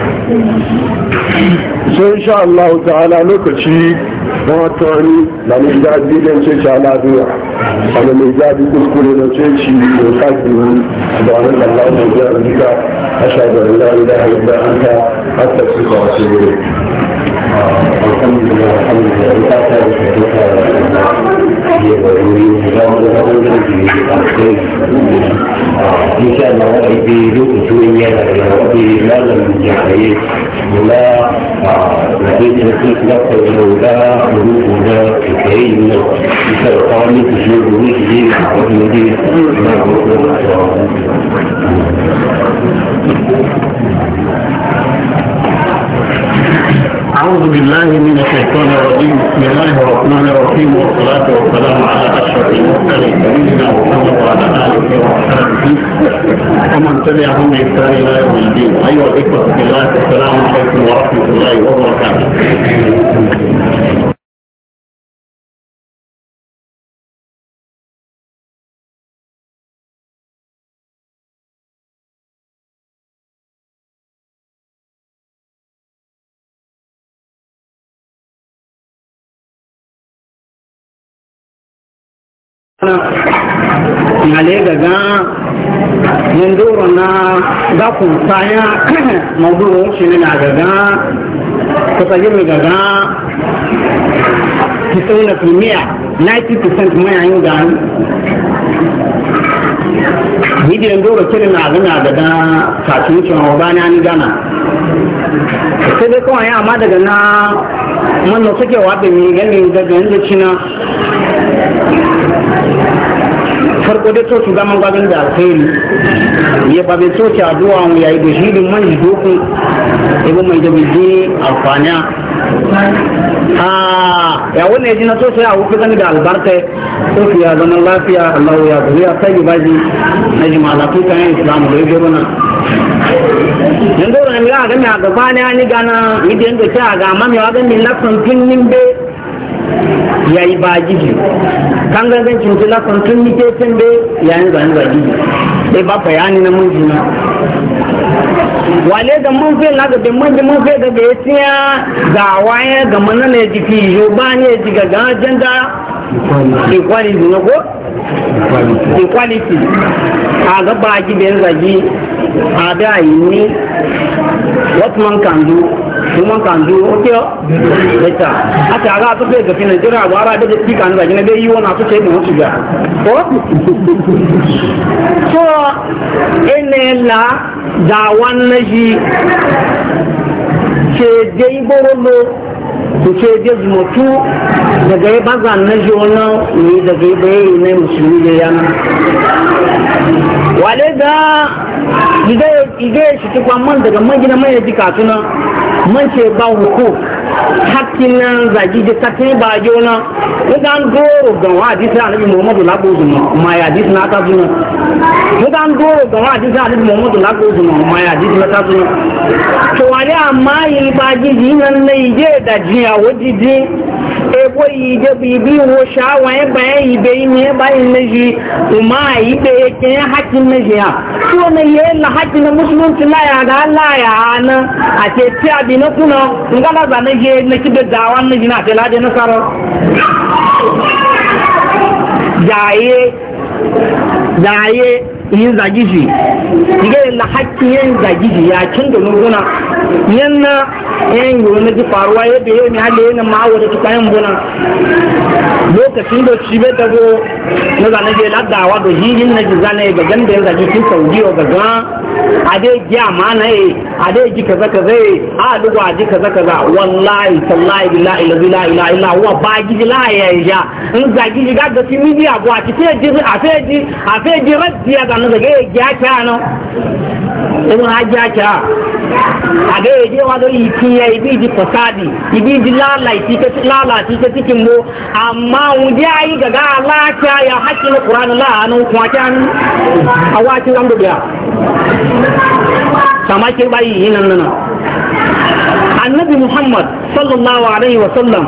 so insha Allah ta'ala lokaci na watan na mai daɗi don ce sha lafiya ana mai daɗi kuskure da ce ci ko sake yi da wani Allah ya rika a shagar da ya rika a ta hatta su kawo الحمد لله الحمد لله وكفى وكفى ان شاء الله ربي لطف مني ربي ما لم يحيي ولا لقيت نفسك نفسك ولا ملوك ولا كريم سرطان تجيب ويجي ويجي أعوذ أعوذ بالله من الشيطان الرجيم بسم الله الرحمن الرحيم والصلاة والسلام على أشرف المرسلين سيدنا محمد وعلى آله وصحبه ومن تبعهم بإحسان إلى يوم الدين أيها الإخوة في الله السلام عليكم ورحمة الله وبركاته ale gaga yanzu na za ku kaya maudurin shi ne na gaga ta tsaye mai gaga kisau na filmiya 90% mayayin ga bidiyon doro kiri na gana gaga kafin shi ma ba na ni gana sai dai kawai amma daga na manna suke wa da mai ganin daga yanzu cina farko dai to shugaban gwazon da alkhairi ya babe to ci addu'a mu yayi da shi din man doku ibo mai da bije alfanya ah ya wannan jina to sai a wuce kan da albarka to ya zama lafiya Allah ya zuriya sai baji na jama'a to kan islamu da yoro na yanzu ran ga ga mi a gaba ne ani gana mi da yanzu ta ga mami wa ga mi lafin tunnin be yayi baji biyu. kan gangan cinci la kon tun ni tesen be yayin zan biyu. gidi dai ba bayani na mun jina wale da mun fe na ga da mun ji mun da bai tiya ga waye ga mana ne ji fi yo ba ne ji ga ga janda equality na ko equality a ga baji gidi zagi àbí àìní what man can do woman can do okay oh, better àti àrà àtúnṣe ìgbẹ̀fin nàìjíríà àwọn ará àgbẹ̀dẹ̀ speaker nígbà jẹ́ ẹgbẹ́ yíwọ́n àtúnṣe ìgbẹ̀ wọ́n ṣùgbà ó so ẹnẹ̀ là dáwọn náà yìí ṣe dé ìgbóró lọ kuce je mutu daga e e e ya baza na jona ne daga ya bayi na musulmi da yana wale da idai shi tukwa man daga magina mai yaji katuna man ce ba huku hakkin nan zagi da sakin ba jona wanda an goro ga wa hadisi annabi muhammadu lagozu ma ya hadisi na ta zuna wanda an goro ga wa hadisi annabi muhammadu lagozu ma ya hadisi na ta zuna to wale amma yin ba jiji nan na ije da jiya wajiji ebo yi je wosha, wo sha wa e ba yi be ni e ba yi ne ji uma yi be ke haki ne ji ya to ne ye na haki na muslim ti la ya ga la ya na a ce ti abi na kuna ngala ba ne je ne ki be da wan ne ji na te la je na saro jaye jaye yin zagiji dige la haki yin zagiji ya kin da nuna Yan yanna yan yiwu na ji faruwa ya yau ne hali yana ma'awa da tukayen bunan lokacin da shi bai tabo na zane je ladawa da hingin na ji zane ga ganda ya zage kin saudiya ga ga a dai ji a amana ye a dai ji kaza kaza ye a dugu a ji kaza kaza wallahi tallahi billahi la ilaha illa illa huwa ba ji la ya yi ja in ga ji ga ga ti media bo a ti te ji a fe ji a fe ji raddiya ga na zage ya a kya no ibn a kya àgẹ́rẹ́ ìdí wa lórí ìtìyẹ ibi ìdí pọ̀sáàdì ibi ìdí lálà ìtìkẹ́ tìkì mbó àmọ́ àwọn ìdí ayé gàgá aláàkíá ya hákìlì kùránì láàánú kùn ní àwọn àti wọn bèbè à. sàmákì báyìí yìí nàn nàn. muhammad sallallahu alaihi wa sallam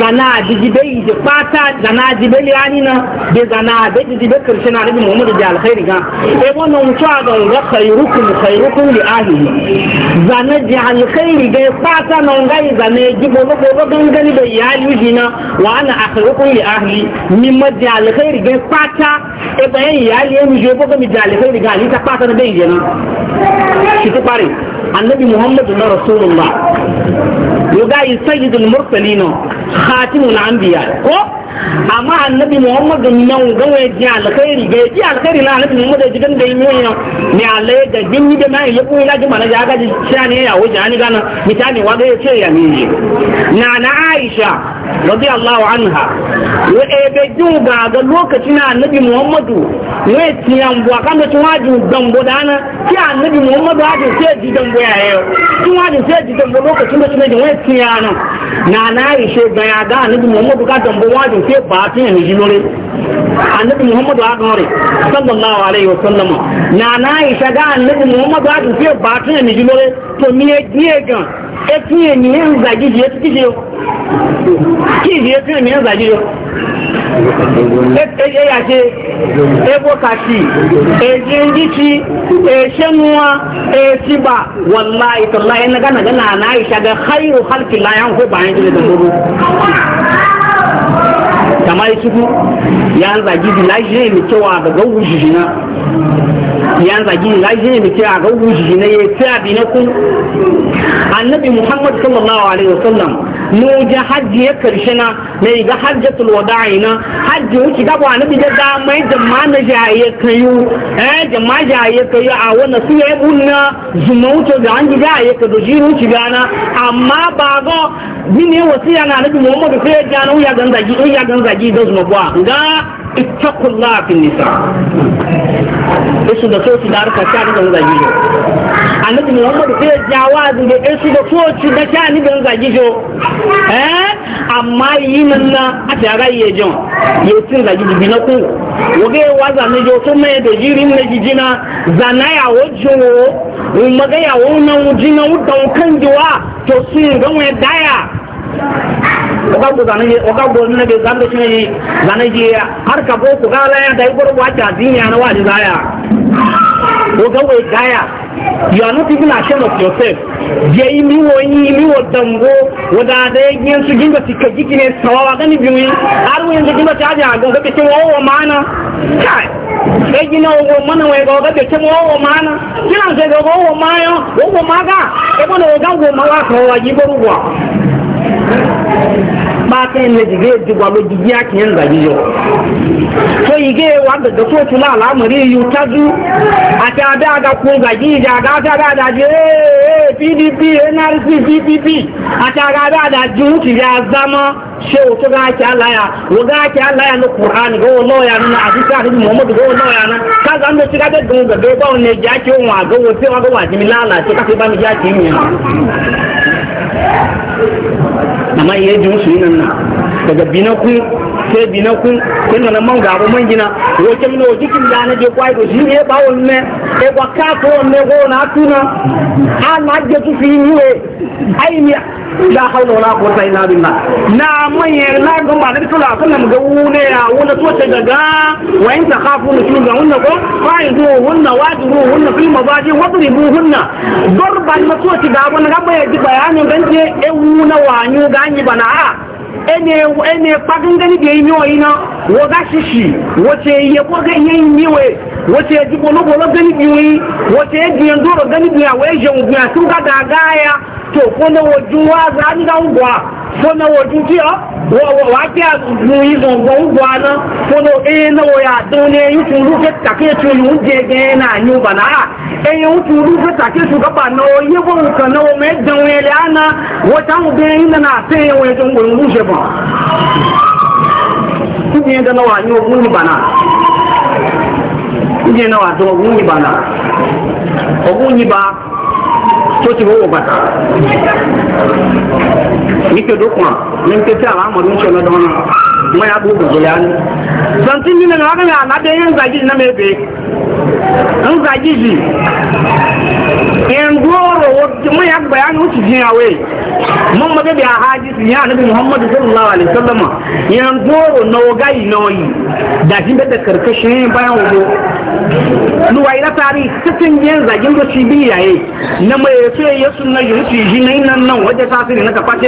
zana dijibai a fata zana jibeli ani na da zana da dijibai karshe na muhammadu da alkhairi ga e wannan mutuwa ga ga khairukum khairukum li ahlihi zana ji alkhairi ga e fata na ngai zana e jibo ba ko gangani da iyali ji na wa ana akhairukum li ahli min ma ji alkhairi ga e fata e bayan iyali mi je ba mi ji alkhairi ga ali ta fata na bai je na shi ta pare annabi muhammadu na rasulullah يقول سيد المرسلين خاتم الانبياء amma annabi muhammad da nan gawa ya ji alkhairi ga ji alkhairi na annabi muhammad da jidan da yi yoyi ne alai da jin yi da mai ya koyi laji mana ya gaji sha ya wuce ani gana mitani wa ga ya ce ya ne na na aisha radiyallahu anha wa ebe jin ga ga lokacin na annabi muhammadu ne tiyan bu akan da tuwaju dambo dana ki annabi muhammadu ha ji sai ji dambo ya yau tuwaju sai ji dambo lokacin da tunai da wai tiyana na na aisha ga ya ga annabi muhammadu ka dambo wajin ke batin ne jinore annabi muhammadu a gore sallallahu alaihi wasallam na na isa ga annabi muhammadu a ke batin ne jinore to ni e ni e gan e ti e ni en zagi je e ti je ki je e ti ni en zagi yo e kama yi tuku ya zagi di lajiye mai kyau a ga gawu jijina ya zagi di lajiye mai kyau a gawu jijina ya fi abi na kun annabi muhammad sallallahu alaihi wasallam mu ja hajji ya karshe na na ga hajjatul wada'i na hajji wuce gaba annabi da damai jama'a na jaye kayu eh jama'a jaye kayu a wannan su ya bunna zuma wuce da an ji jaye ka doji wuce gana amma ba ga mine wasiya na annabi muhammad sai ya gano ya ganza ya ganza ji da zuwa bua ga ittaqullah fil nisa isu da soci da harka ta da zagi jo annabi muhammad sai jawazi da isu da soci da ta ni da zagi jo eh amma yi nan na a ta ga jan jon yi tin zagi bi na ku wage waza ne jo to me da jirin na jijina zana ya wajo mu maga ya wona wujina wudan kan jiwa to sun gama wani daya oga go zane ye oga go ne zan zane ji har ka go ko gala ya dai goro wa ta dinya na wa zaya oga we gaya you are not even ashamed of yourself je imi wo yi imi wo dango wo da da yin su jinga ne sawa ga ni biyu har wo yin jinga ta ja ga ga tin wo mana kai e gina wo mana we ka ga tin wo mana kina ga ga wo mayo wo maga e bona wo ga wo maga ko wa yi goro ba ta yin laji zai ji gwalo jigi ya so ta zu a ta da ga ko zagi a ta ga da eh, eh, da zama ṣe òtún gáà kí aláya wò gáà kí aláya ní kùránì lọ́ọ̀yà nínú àti mọ̀mọ́dù lọ́ọ̀yà náà 那么，业主谁呢。daga binakun sai binakun sai na man gabo man gina wace mina wace kin da na je kwai do shi ne eh, ba wannan e eh, kwa ka ko wannan ko na tuna a na je tu fi ni we ai ni la haula wala quwwata illa billah na man ya na ga ba da tula sallam ga wune ya wuna to ce daga wa in ta khafu nushun ga wannan ko fa'idu hunna wajibu hunna fi mabaji wadribu hunna darban masuwa ti ga ya ga bayanin ganje e wuna wanyu ganyi bana a ene pagangani da yi miwa yi na waga shishi wace ya kwaga yi miwe wace ya ji bolo-bolo gani biyu wace ya jiyan doro gani biya wai jan biya sun ko na wajen wa za ni ko na wajen ki a wa ki a na ko na na waya yi na na na na ba kuje da nawa ni ogun ni bana kuje nawa to ogun ni bana ogun ni ba to ti wo bata nike kuma min ke ta al'amarin ce na dona bu abu da zulani zantin nina na gana na da yin zagi na mai be in zagi ji in goro mai ya bayani wuce jin yawe mun maga bi a su ya nabi muhammadu sallallahu alaihi wasallam yan goro na wagai na wayi da jin da karkashin bayan wudo luwai na tari cikin yin zagin da shi biyaye na mai ce ya na yi wuce ji na nan nan wajen tasiri na kafa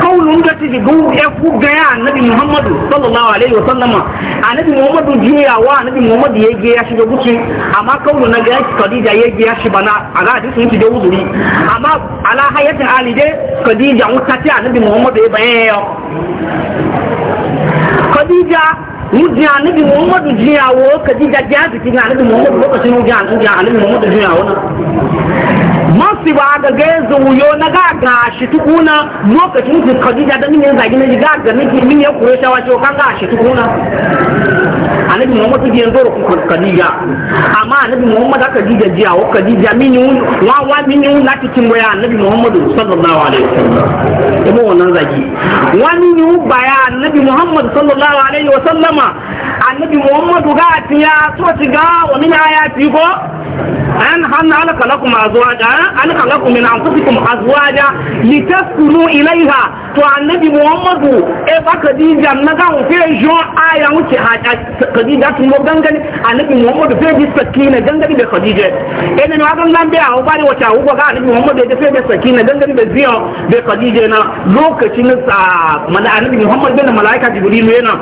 kawulun da ta shiga ya ku gaya annabi muhammadu sallallahu alaihi wasallama annabi muhammadu jiya wa annabi muhammadu ya ge ya shiga guci amma kawulun na gaya kadija ya ge ya shi bana ala hadisi sun shiga wuzuri amma ala hayatin alide kadija wuta ce annabi muhammadu ya bayan yau kadija mujin annabi muhammadu jiya jiyawo kadija jiya jiki na annabi muhammadu lokacin mujin annabi muhammadu jiyawo na masu ba ga gaya zuwuyo na gaga shi tukuna lokacin su kadija da mini zagi na ji gaga nake min ya kuro shawa ce kan shi tukuna anabi muhammad jiyan yanzu ko kadija amma anabi muhammad aka jija jiya o kadija mini wa wa mini lati timbo ya anabi muhammad sallallahu alaihi wasallam ibo wannan zaki wa mini baya anabi muhammad sallallahu alaihi wasallama annabi muhammad ga tiya so ti ga wa min ayati ko an hanna alaka lakum azwaja an khalaqa min anfusikum azwaja litaskunu ilaiha to annabi muhammad e ba kadija na ga o fe jo aya wuce ha khadija tun mo gangani annabi muhammad fe bi sakina gangani be khadija ene no agan lambe a bari wata hugo ga annabi muhammad da fe be sakina gangani be ziyo be khadija na lokacin sa mana annabi muhammad bin malaika jibril yana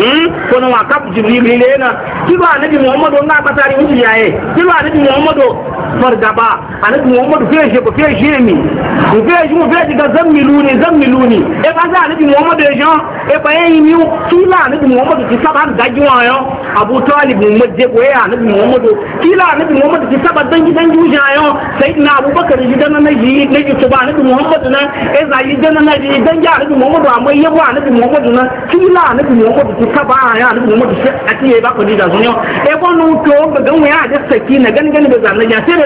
hmm ko no akap jibril yana kiba annabi muhammad on ga batari wuci yaye kiba annabi muhammad fargaba annabi muhammad fiye shi ba fiye shi mi mu fiye shi mu fiye shi ga zammilu ne zammilu ne e ba za ya shan e ba kila ki saba da yo abu talib mu ko ya eh, kila ki saba dan gidan yo sayyidina abubakar ji dan na ji ne ji to ba e za yi dan ji dan amma yabo kila ki saba ya ba ko da e to ga ya da da zanna ya sai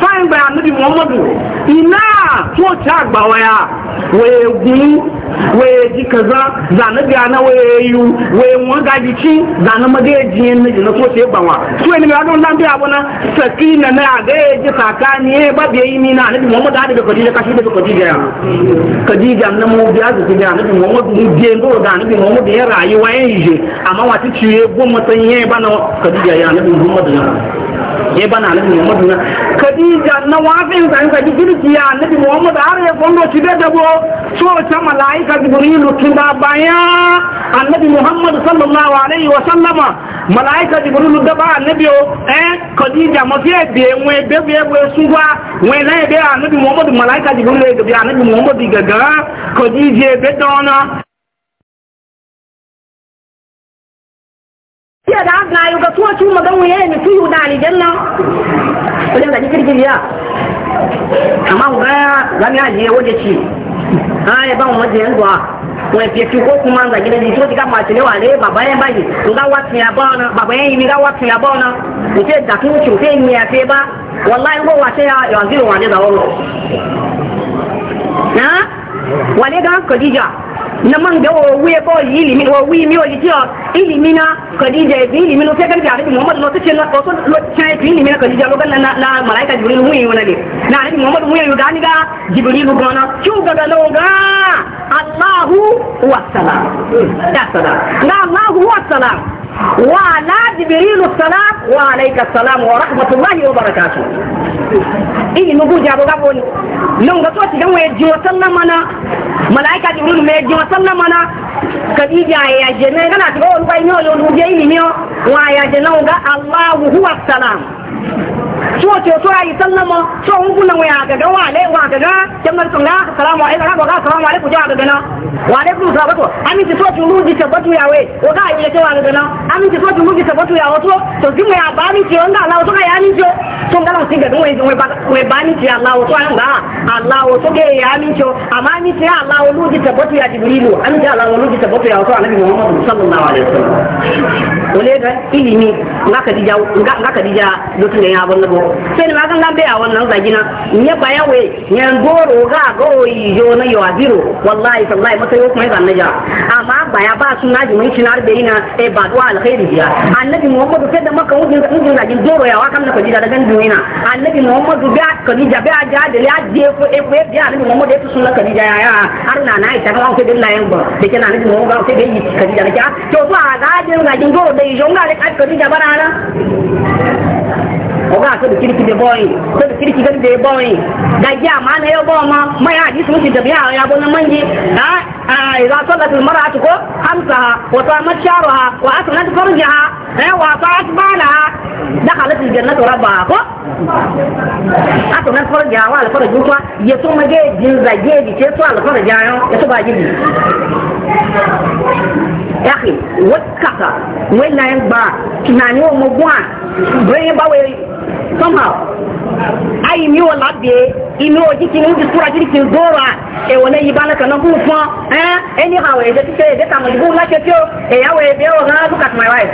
fáyìn gbà níbi muhammadu iná tóòtì àgbàwọ̀ ya wèé gún wee di kaza zànàbí àná wèé yu wèé wọn gàdí tí zànàmọdé jìn ní jìnnà tóòtì àgbàwọ̀ tó ẹni mi adùn lábẹ́ àbọ̀nà sẹ̀kì nàná àgbẹ̀ èjì kàkà ni ẹ bá bẹ̀ yìí nínú àníbi muhammadu àdìgbẹ ya kọjíjà nà mọ muhammadu ń dé ndóró dà àníbi muhammadu ya ke bana nan Muhammadu na Khadija na ka girki ya Annabi Muhammad har ya gondo ci da dabo so ta malaika Jibrilu kinda baya Annabi Muhammad sallallahu alaihi wa sallama malaika da ba Annabi eh Khadija ma be be be na be Annabi Muhammad malaika Annabi Muhammad Khadija be dona da na yi ga tuwa kiyu da aljanna da ya amma ku gaya za mu yaje ci ba mu ko kuma gida ka mace wale baba bayi ya na baba yi mi ga watu ya na da ci mi ya ba wallahi ko ya da na wale ga Khadija na man da wuya ko ilimi wa wi mi wali tiyo ilimi na kadija bi ilimi no sai kan ta rabbi muhammad no tace na ko son lo tace bi ilimi na kadija lo ganna na malaika jibril mu yi wala ne na rabbi muhammad mu yi gani ga jibril gona ki ga ga lo ga allah huwa salam da salam na allah huwa salam وعلى جبريل السلام وعليك السلام ورحمة الله وبركاته إيه نقول يا أبو قبول لو قطوة جوا يجي وسلمنا ملائكة جبريل ما يجي وسلمنا كديجة يا جنة أنا تقول بيني وبين جيني ويا جنة الله هو السلام su wace su ayi sallama su hungunan waya gaga wale wa gaga jamar tunga assalamu alaikum wa assalamu alaikum ja gaga gana wa alaikum salam ko amin ti so ti ruji tabatu yawe wa ga ayi ce wa gaga na amin ti so ti ruji tabatu yawo to to din ya ba mi ti onda Allah to ga ya ni jo to ngala ti ga dun we ba we ba ni ti Allah to an ga Allah to ga ya ni jo amma ni ti Allah ruji tabatu ya jibrilu an ga Allah ruji tabatu ya wato annabi Muhammad sallallahu alaihi wasallam ole ga ilimi ngaka dija ngaka dija dukkan ya wannan bo sai ma kan lambe a wannan zagina Nye ba yawe ne goro ga goro yo na yo aziro wallahi sallahi mata yo kuma zan naja amma ba ya ba sun naji mun cinar da ina e ba duwa alkhairi biya annabi muhammadu sai da maka wujin wujin zagin goro ya wa kan na fadila da gandu ina annabi muhammadu ba kadija ba ja da ya je ko e ko ya annabi muhammadu ya sunna kadija ya ya har na na ita kan ko dilla yan ba da kana annabi muhammadu sai da yi kadija da ka to ba ga jin zagin goro da yo ga da kadija barana ọgá sọdọ kiriki de bọyì sọdọ kiriki gẹbi de bọyì gàjẹ àmàna yẹ bọ ọmọ mọyà àdìsí mo ti dẹbi àwọn yàgò ní mọnyì ha ìlà sọdọ tó mọra àtúkọ hamsa ha wọtọ amasiaro ha wà á sọdọ tó fọrọ jẹ ha ẹ wà á sọ àtúbàlà ha dákà lẹsìn jẹ náà tọrọ bà á kọ á sọdọ tó fọrọ jẹ ha wà á lọfọrọ bi. somehow ayi mi wala be imi oji kini di sura jiri kin dora e wona yi bana kana ku fon eh eni ha we de ti se de kama bu na ke tio e ya we be o ga look at my wife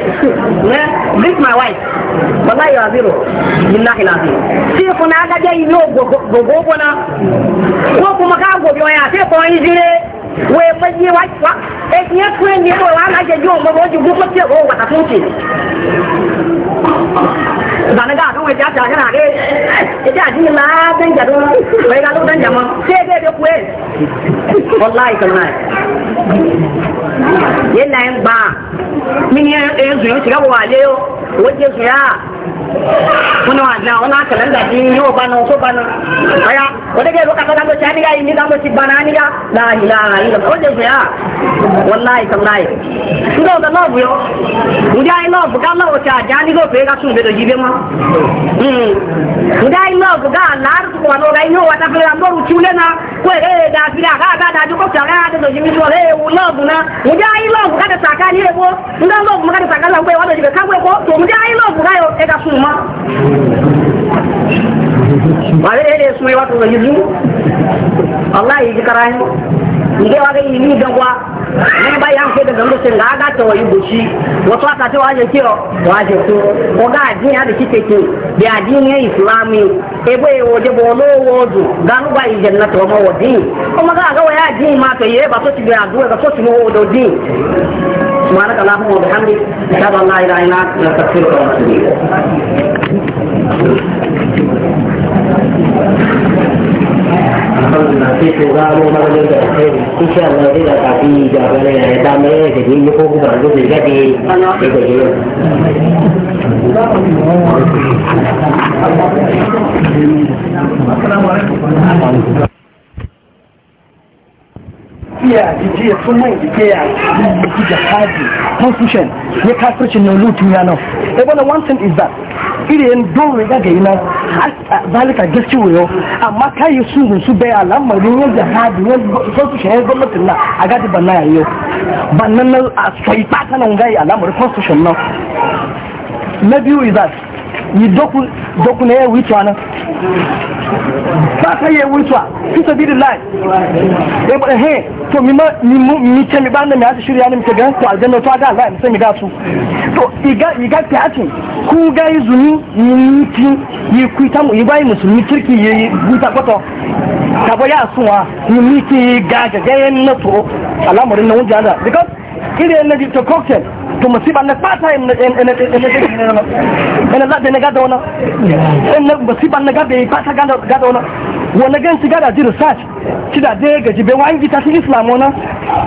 ne this my wife wallahi ya zero billahi la zero si ko na ga je imi ogo gogo bona ko kuma ka go bi ya se ko yi jire we fa ji wa wa e ti e ku ni do wa la je jo mo bo ju bu ko ti o wa ta fun ti cái nào đi zane ga kan wajen ta kana ne ita ji la dan jado wai ga dan jama sai ga da kuwe wallahi kalmai yana yin ba min ya yin zuwa shiga wale yo waje zuwa wani wajen wani aka nan da jini yau ba nan so ba nan aya wadda ga lokacin da mace ni ga yi ni ga mace ba na ni ga la ilaha illa waje zuwa là kalmai ndo da love yo mu dai love ga love ta jani go pe ga sun be do jibe ma ngai love ga lar ko no ga yo wata chule na ko e eh, da fira ga ga da ko ta ga da do jimi so le eh, u love na ngai ga da saka ni ebo nda ma ga da saka la ko wa do jimi ka ko to ngai ga yo e suma ba zai da su yi wato da yuzu Allah yi ji karahi ni dai waga yi ni dan kwa ne ba yan ke da gambo sen ga ga ta wayi bushi wato aka ta waje kiro waje to ko ga addini hada kike ke bi addini islami e bo e woje bo lo wodu ga nu ba yi jannatu wa mawdi ko maga ga waya addini ma to ye ba so ti bi addu'a ga so ti mo wodo di سبحانك اللهم وبحمدك اشهد ان لا اله الا na نستغفرك ونتوب ma. ဖြစ်ကိုကားလို့မလုပ်တဲ့အဲသူချက်နဲ့ဒီကတာပြီးကြပါလေဒါမဲ့ဒီမျိုးကိုကတော့လုပ်ရတဲ့ဒီကိုကြီးအစ္စလာမ်အလိုင်းကုမ် iya jijiya sunan ikeya yi jihadi constitution ya kafircin na lutu ya nan ebola eh, one thing is that irin don riga ga yi nan zalika gaske wayo amma ka yi su su bai al'amarin yin jihadi yin constitution yin gwamnatin na a gadi banna ya yi bannan na a sai ta nan gai al'amarin constitution na. na biyu is that yi doku na ya wucewa nan ba ta yi wucewa fi sabi da lai ya e bude he to mi ce mi ba na mi hasi shirya ne mi ce gan to aljanna to aga allah mi sai mi gasu to iga fiyatin ku ga yi zuni yi niti yi kuita mu igba yi musulmi kirki yi buta kwato kabo ya suwa yi niti ga gagayen na to al'amarin na wujen da because ire na to cocktail to musiba na fata in na zaɗe na gada wana in na na gada yi fata gada wana wani gan ci gada ji research ci da dai gaji bai wa'an gita su islam wana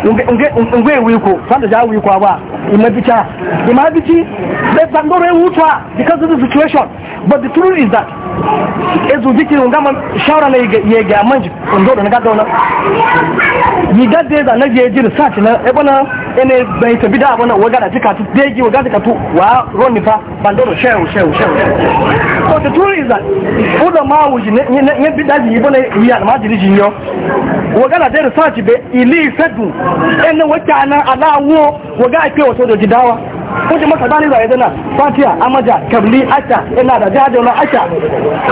in gwe wiko sanda ja wiko ba Imabita. Imabiti, they can go wuta because of the situation. But the truth is that ezu zikiri ngama shawara na ya ga manji ndo na gado na yi gadde da na je research na e bana ene bai tabi da bana waga da tika tu deji waga da tu wa roni fa bandoro shehu shehu shehu so the truth is that uda ma wuji ne bidaji yi bana yi ya ma diriji yo waga da research be ili fedu ene waga na ala wo waga ke da sojoji dawa kuji maka bani zai dana fatiya amaja kabli aka ina da jaje na aka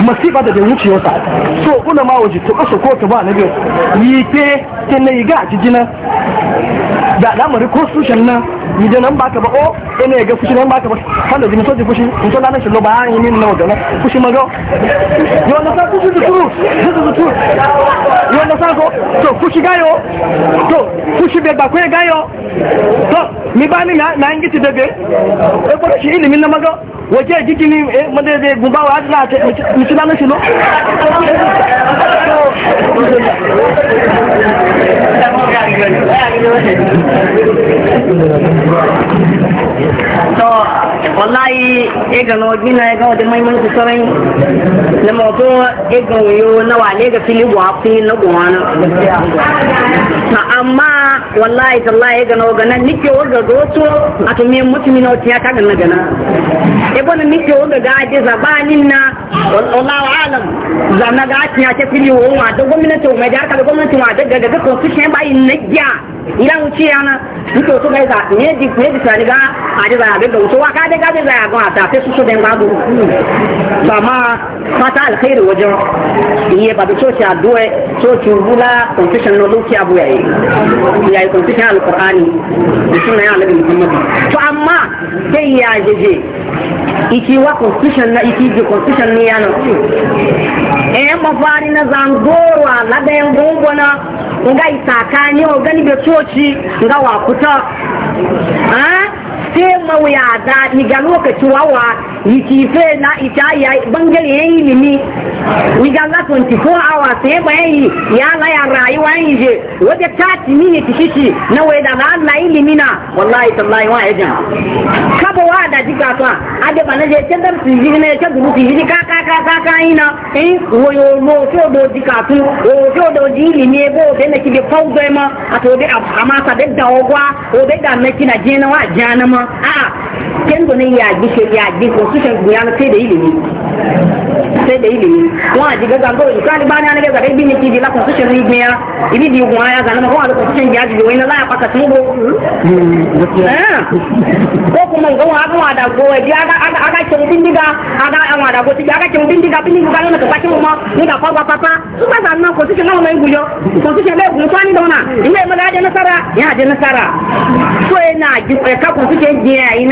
masifa da da wuciyosa so kula ma waje to kaso ko ba na yi ke kin ne ga da lamari ko sushen nan yi da nan baka ba o oh, ina ga fushi nan baka ba jini fushi in to ba yi nin nawa dana fushi maga yo na sa fushi da turu da turu yo na sa ko to fushi gayo to fushi be ba ko gayo to mi ba ni na na ngiti da be e ko shi ilimin na waje jikini e eh, mande gumba wa ta na to wallahi e ga no ga mai mun na e ga yo na wale ga fili wa fi na gwana na amma wallahi tallahi ga no ga nan nike wa ga goto a to me wuce mina wuce ya kagan na gana e bana mi ke wanda ga aje zabanin na wallahu alam za na ga aje ya ke fili o wa da gwamnati mai da harka da gwamnati wa da daga constitution ba yin na giya ila wuce yana mi ke wuce ga za ne di ne di sani ga aje za ga wuce wa ka da ga za ya ga ta sai su su da ga go ba ma fata alkhairi wajen iye ba da coci addu'a coci bula constitution no lokaci abu yayi yayi constitution alqur'ani da sunan annabi muhammad to amma amma sai ya jeje iki wa constitution na iki je constitution ni yana eh, mafari na zangorwa na da yan gobona nga isakani o gani be toci nga wakuta ah sai mawuya da iga lokaci wawa ikife na ita ya bangare yayi yi limi iga la 24 hours sai bayan yi ya laya rayuwa yin je ta 30 minutes kishi na wai da la yi limina wallahi tallahi wa ya e kaba wa da jika to a da bana je can dar su jigina ya guru su jigi ka ka ka ka ka ina eh woyo mo so do jika tu o so do ji limi bo be na kibe pau ma a to da amasa da dawgwa o da da na kina je na wa jana ma ma a ken gwanin ya gishe ya gishe constitution guyana sai sai da ilimi wọn a jiga zango yi ba ni an gaza kai bi ni kiji la constitution ni gbiya ibi di gun aya ko wọn a da constitution ya jiga wani na la ya paka sun go hmm, nga wa wa da go e aga aga aga chemu bindiga aga wa da go ti aga chemu bindiga bini ga na ka mo ni ga kwa papa na ko ti na mai guyo ko ti le gu kwa ni dona ni me mala ja nasara ya ja nasara ko e ji e ka ko ti je je ai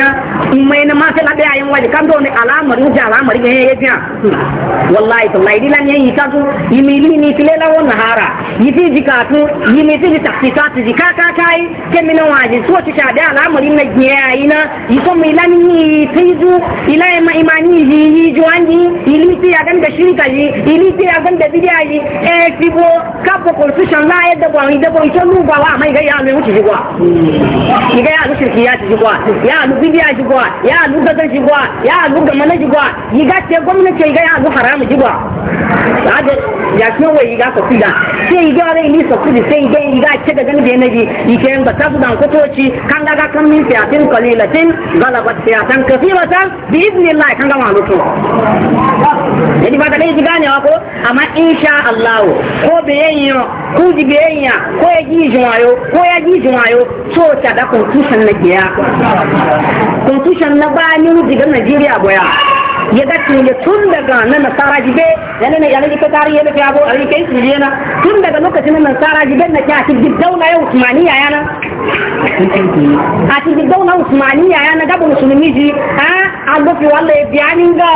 in mai na ma ta la da ayin waje kan do ne alamar ni ja alamar ga ye ja wallahi dilan yi ka zo yi mi ni tile la won hara yi ti yi mi ti kai ke mi na waje so ti da na yi kum ni tiju ila ma imani ji yi juwanji ili ti ya ganda shirka ji ili ti ya ganda bidiya ji e tibo kapo constitution la yadda gwa yadda gwa ito lugwa wa mai ga ya mai wuce ji gwa ni ga ya lu shirki ya ji gwa ya lu bidiya ji gwa ya lu gaza ji gwa ya lu ga mana ji gwa yi ga te gwamnati ga ya lu haramu ji gwa ade ya kiyo wai ga ko da sai yi ga wani ili so kudi sai yi ga yi ga ce da gani da yanayi yi ke ba ta su dan kotoci kan ga ga kan min fiyatin kalilatin غلبت سياسا كثيرة بإذن الله كان كما نتو yadda ba ta kai ji ganewa ko amma insha Allah ko biyayya ko ji biyayya ko ya ji jimayo ko ya ji jimayo so ta da constitution na kiya constitution na bayanin jigar Najeriya boya yadakkiinge ga na nasaraji be yanene yanaji ke tarihi be fiago ari ke isrijena tundaga lokacin na nasaraji be na kya tiddi daula ya usmaniya yana a tiddi daula usmaniya yana gaba musulmi ji a agofi walla ya biyanin ga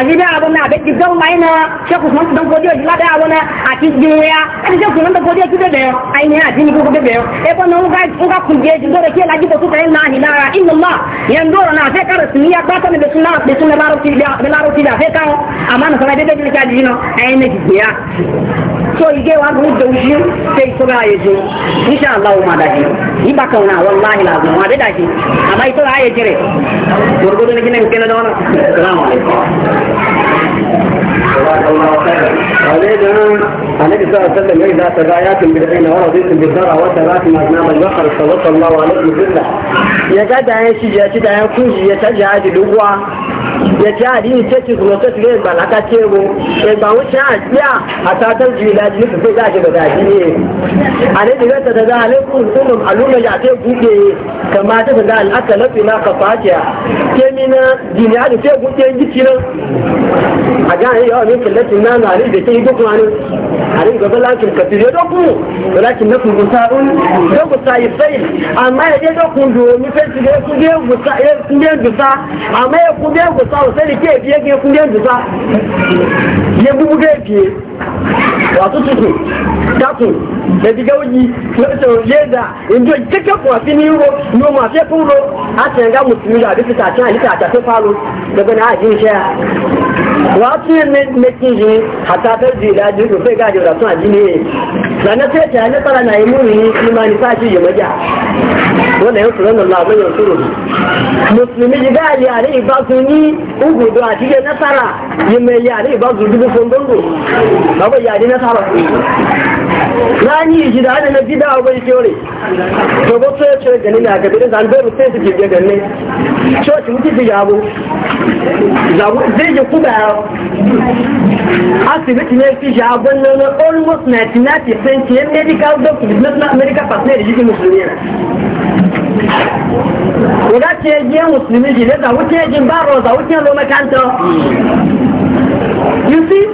aji da abu na be tiddi daula ina shekhu usman dan godiyo jila da abu na a tiddi ya ani shekhu usman dan godiyo kide be ai ne a jini ko kide be e ko no ga ga kunje ji dole ke laji ko su kai na ni lara inna allah yandoro na sai karasmiya ba ta ne be sunna be na laro ti da da laro ti da kan amma na sanade da ni ka ji no e ne ji ya so ige wa gu da ushi sai to ga yeje insha Allah ma da ji ni ba kauna wallahi la ma da da ji amma ito aye jire gurgudu ne kina kina da wannan assalamu alaikum النبي صلى الله عليه وسلم إذا تغاياتم بالعين ورضيتم بالزرع وتباتم أجنام البقر الله عليه وسلم يا جدع يا يا جدع يا يا ya ci adini ta ci zuwa ta tsaye ba laka ce mu e ba wuce a tsiya a tatar jila jini su sai za ki da ne a ne da ta daga alaikun sunum aluna ya ce buɗe kama ta daga al'aka lafi na ka ke mina jini a da buɗe yawa ne kallatin na na da ta duk wani a rin gaba lakin ka da ku da ku sai amma ya je da ku sai ku je gusa ya kun je gusa amma ya je sai ke biye ke kun je gusa ya bubu ga fiye wato tutu tatu da diga wuji wato leda inda kake kuwa fini ro no ma fe kun ro a musulmi da bisa ta ta ta ta falo daga na ajin shaya wato méjì yìí àtàfẹ́ jù ìlàjú ìrùfẹ́ ìgbàjọ ìrọ̀tún àjílé lànà tí náà imú yìí ní máa ní sáàjú ìyẹ̀mọ́já wọ́n lẹ́yìn fúrẹ́nà ìjìdá àdí ní bídá ọgbẹ́ iṣẹ́ rẹ̀ tọ́gbọ́ tó ẹ̀ṣẹ́ gẹ̀ní ní àgbẹ̀bẹ̀rẹ̀ zambẹ́rù tẹ́sì kìí gẹ̀gẹ̀ ní ti fi yàwó zai je kuga asibiti ne fi shagon nan na almost 99% yan medical doctor business na america fasne da jikin musulmi ne ko da ce je musulmi ji ne da jin baro da lo makanta you see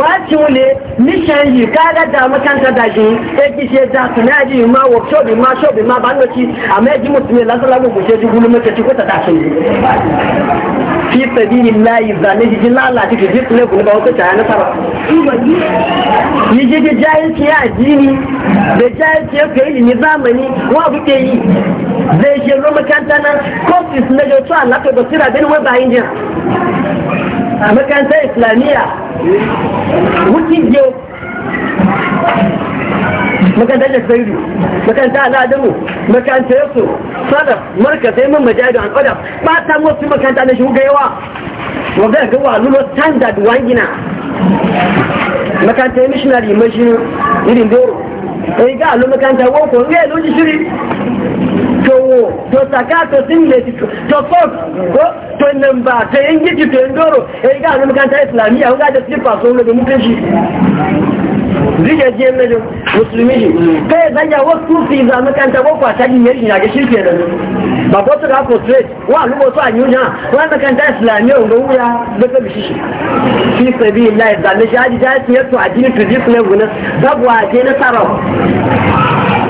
wati ule mission yi kaga da makanta da shi e ki she da tunaji ma workshop ma shop ma banoci amma ji mutum la sala mu guje ji gulu mace ci ko ta tashi fi sabilillahi zane ji lala ti ji tule gulu ba ko ta na fara yi ji ji jayi ki ya dini da jayi ki ko ilimi zamani wa buke yi zai je ro makanta nan k'ofis na jo to Allah ko basira bin wa bayin jira a makaranta islamiyya wukin yau makarantar da sauri makarantar al'adamu makaranta yaso sadar sai mun majadu an odam ba ta motsi makaranta na shuga yawa wadda ga walulo standard wangina makaranta missionary mashinu irin doro ɗai ga alu makaranta woko ne ya shiri towo to saka to singlet to fox ko to namba to ingiji to ndoro e ga na makanta islamiyya ga da slipper so ne da mutunci zige je ne musulmi ne kai zanya wasu fi za makanta ko kwata din yari na ga shirke da ba ko to ga portrait wa lugo to anyu na wa makanta islamiyya ga wuya da ka bishi shi fi sabilillah da ne shaji da ya to ajini to dis ne gune zabwa je na sarau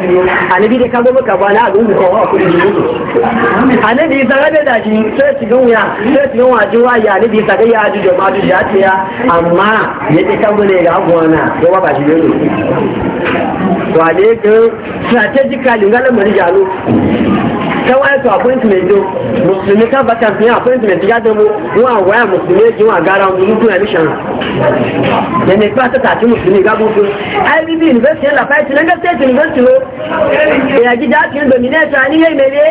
wajibi annabi dai ka zo maka ba na azumi ko wa kudi annabi sai da daji sai ci gan wuya sai ci wa ya annabi ga ya ji da ma ji ya ce ya amma ya ce kan ga ba shi ne to ale ga strategically ga jalo ta wáyé tó appointment do mùsùlùmí ká bá kàmpé appointment jáde mu wọn àwọn wáyà mùsùlùmí jí wọn àgára wọn ní dùn admission yẹn ní pàṣẹ tàbí mùsùlùmí gágùn fún ibb university ẹ̀ làpáyé tí lẹ́gẹ́ state university ìrìnàjí dáàtì ń gbèmí náà tàn nílé ìmẹ̀lẹ́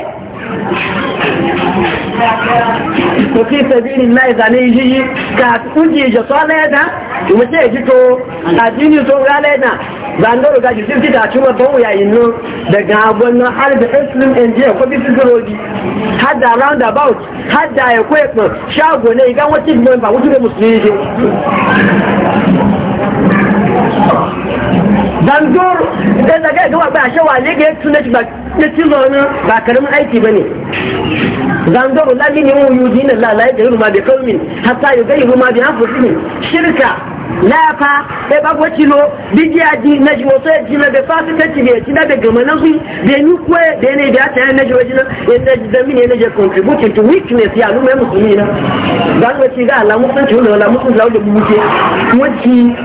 òkè ìfẹ̀bí ní mẹ́ta ní yíyí kàtún jí ìjọ̀tọ́ lẹ́ẹ̀dá ìmúṣẹ́ ìjító àti ní tó rá lẹ́ẹ̀dá daga islam india about har da ya kwaye ne idan musulmi sai daga gawa ba shawa ne ga ya tuna ba karamin aiki ba ne zandoro lalli ne mu yuji na la laye gairu ma bi kaumin hatta yu gairu ma bi anfusihim shirka la fa e ba go chilo biji aji na jiwo so ji na be fasu ta ci be ci da daga manasu be ni kwe be ne da ta na jiwo jina e na ji da mine ne je contribute to weakness ya lu me musulmi na dan go ci ga la musulunci wala la musulunci la da mu ce mu ci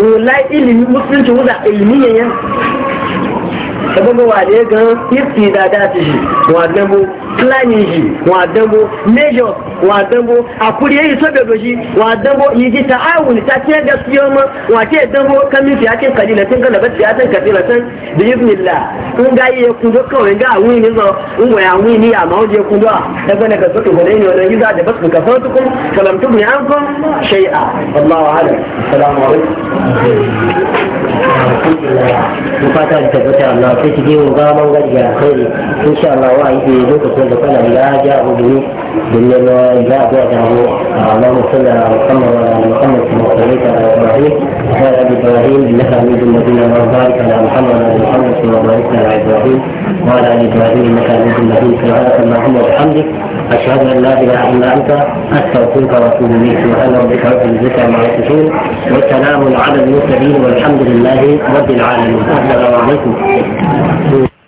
wallahi ilimi musulunci wala ilmiyan ẹgbẹ́gbẹ́ wà lé gan fífi dáadáa ti jì wọ́n àdánwò plan jì wọ́n àdánwò major wọ́n àdánwò àkúrí èyí sọ́bẹ̀dọ̀ jì wọ́n àdánwò yìí ta áwùn ta tí ẹgbẹ́ sí ọmọ wọ́n àti ẹ̀dánwò kami fi àti kàdí lẹ́tí nǹkan lẹ́bẹ̀ tí a tẹ̀ kàdí lẹ́tí bíyìnbíyìnlá ń ga iye kundó kan ń ga àwọn ìní sọ ń wẹ̀ àwọn ìní àmọ́ ó jẹ kundó à ẹgbẹ́ nà kàtó tó wọlé ìyọ̀nà yìí záà dẹ̀bẹ́ sùn kàfẹ́ tó kún kàlàm tó kún yàn fún ṣe à Allahu alam salamu alaykum. Mu fata da tabbata Allah تجيبوا قام قد خير ان شاء الله واي في ذوق كل كل لا جاء بني بني لا جاء بعده اللهم صل على محمد وعلى محمد كما صليت على ابراهيم وعلى ال ابراهيم انك حميد مجيد اللهم بارك على محمد وعلى محمد كما باركت على ابراهيم وعلى ال ابراهيم انك حميد مجيد سبحانك اللهم وبحمدك اشهد ان لا اله الا انت استغفرك واتوب اليك سبحان ربك رب العزه عما يصفون وسلام على المرسلين والحمد لله رب العالمين السلام عليكم Thank you.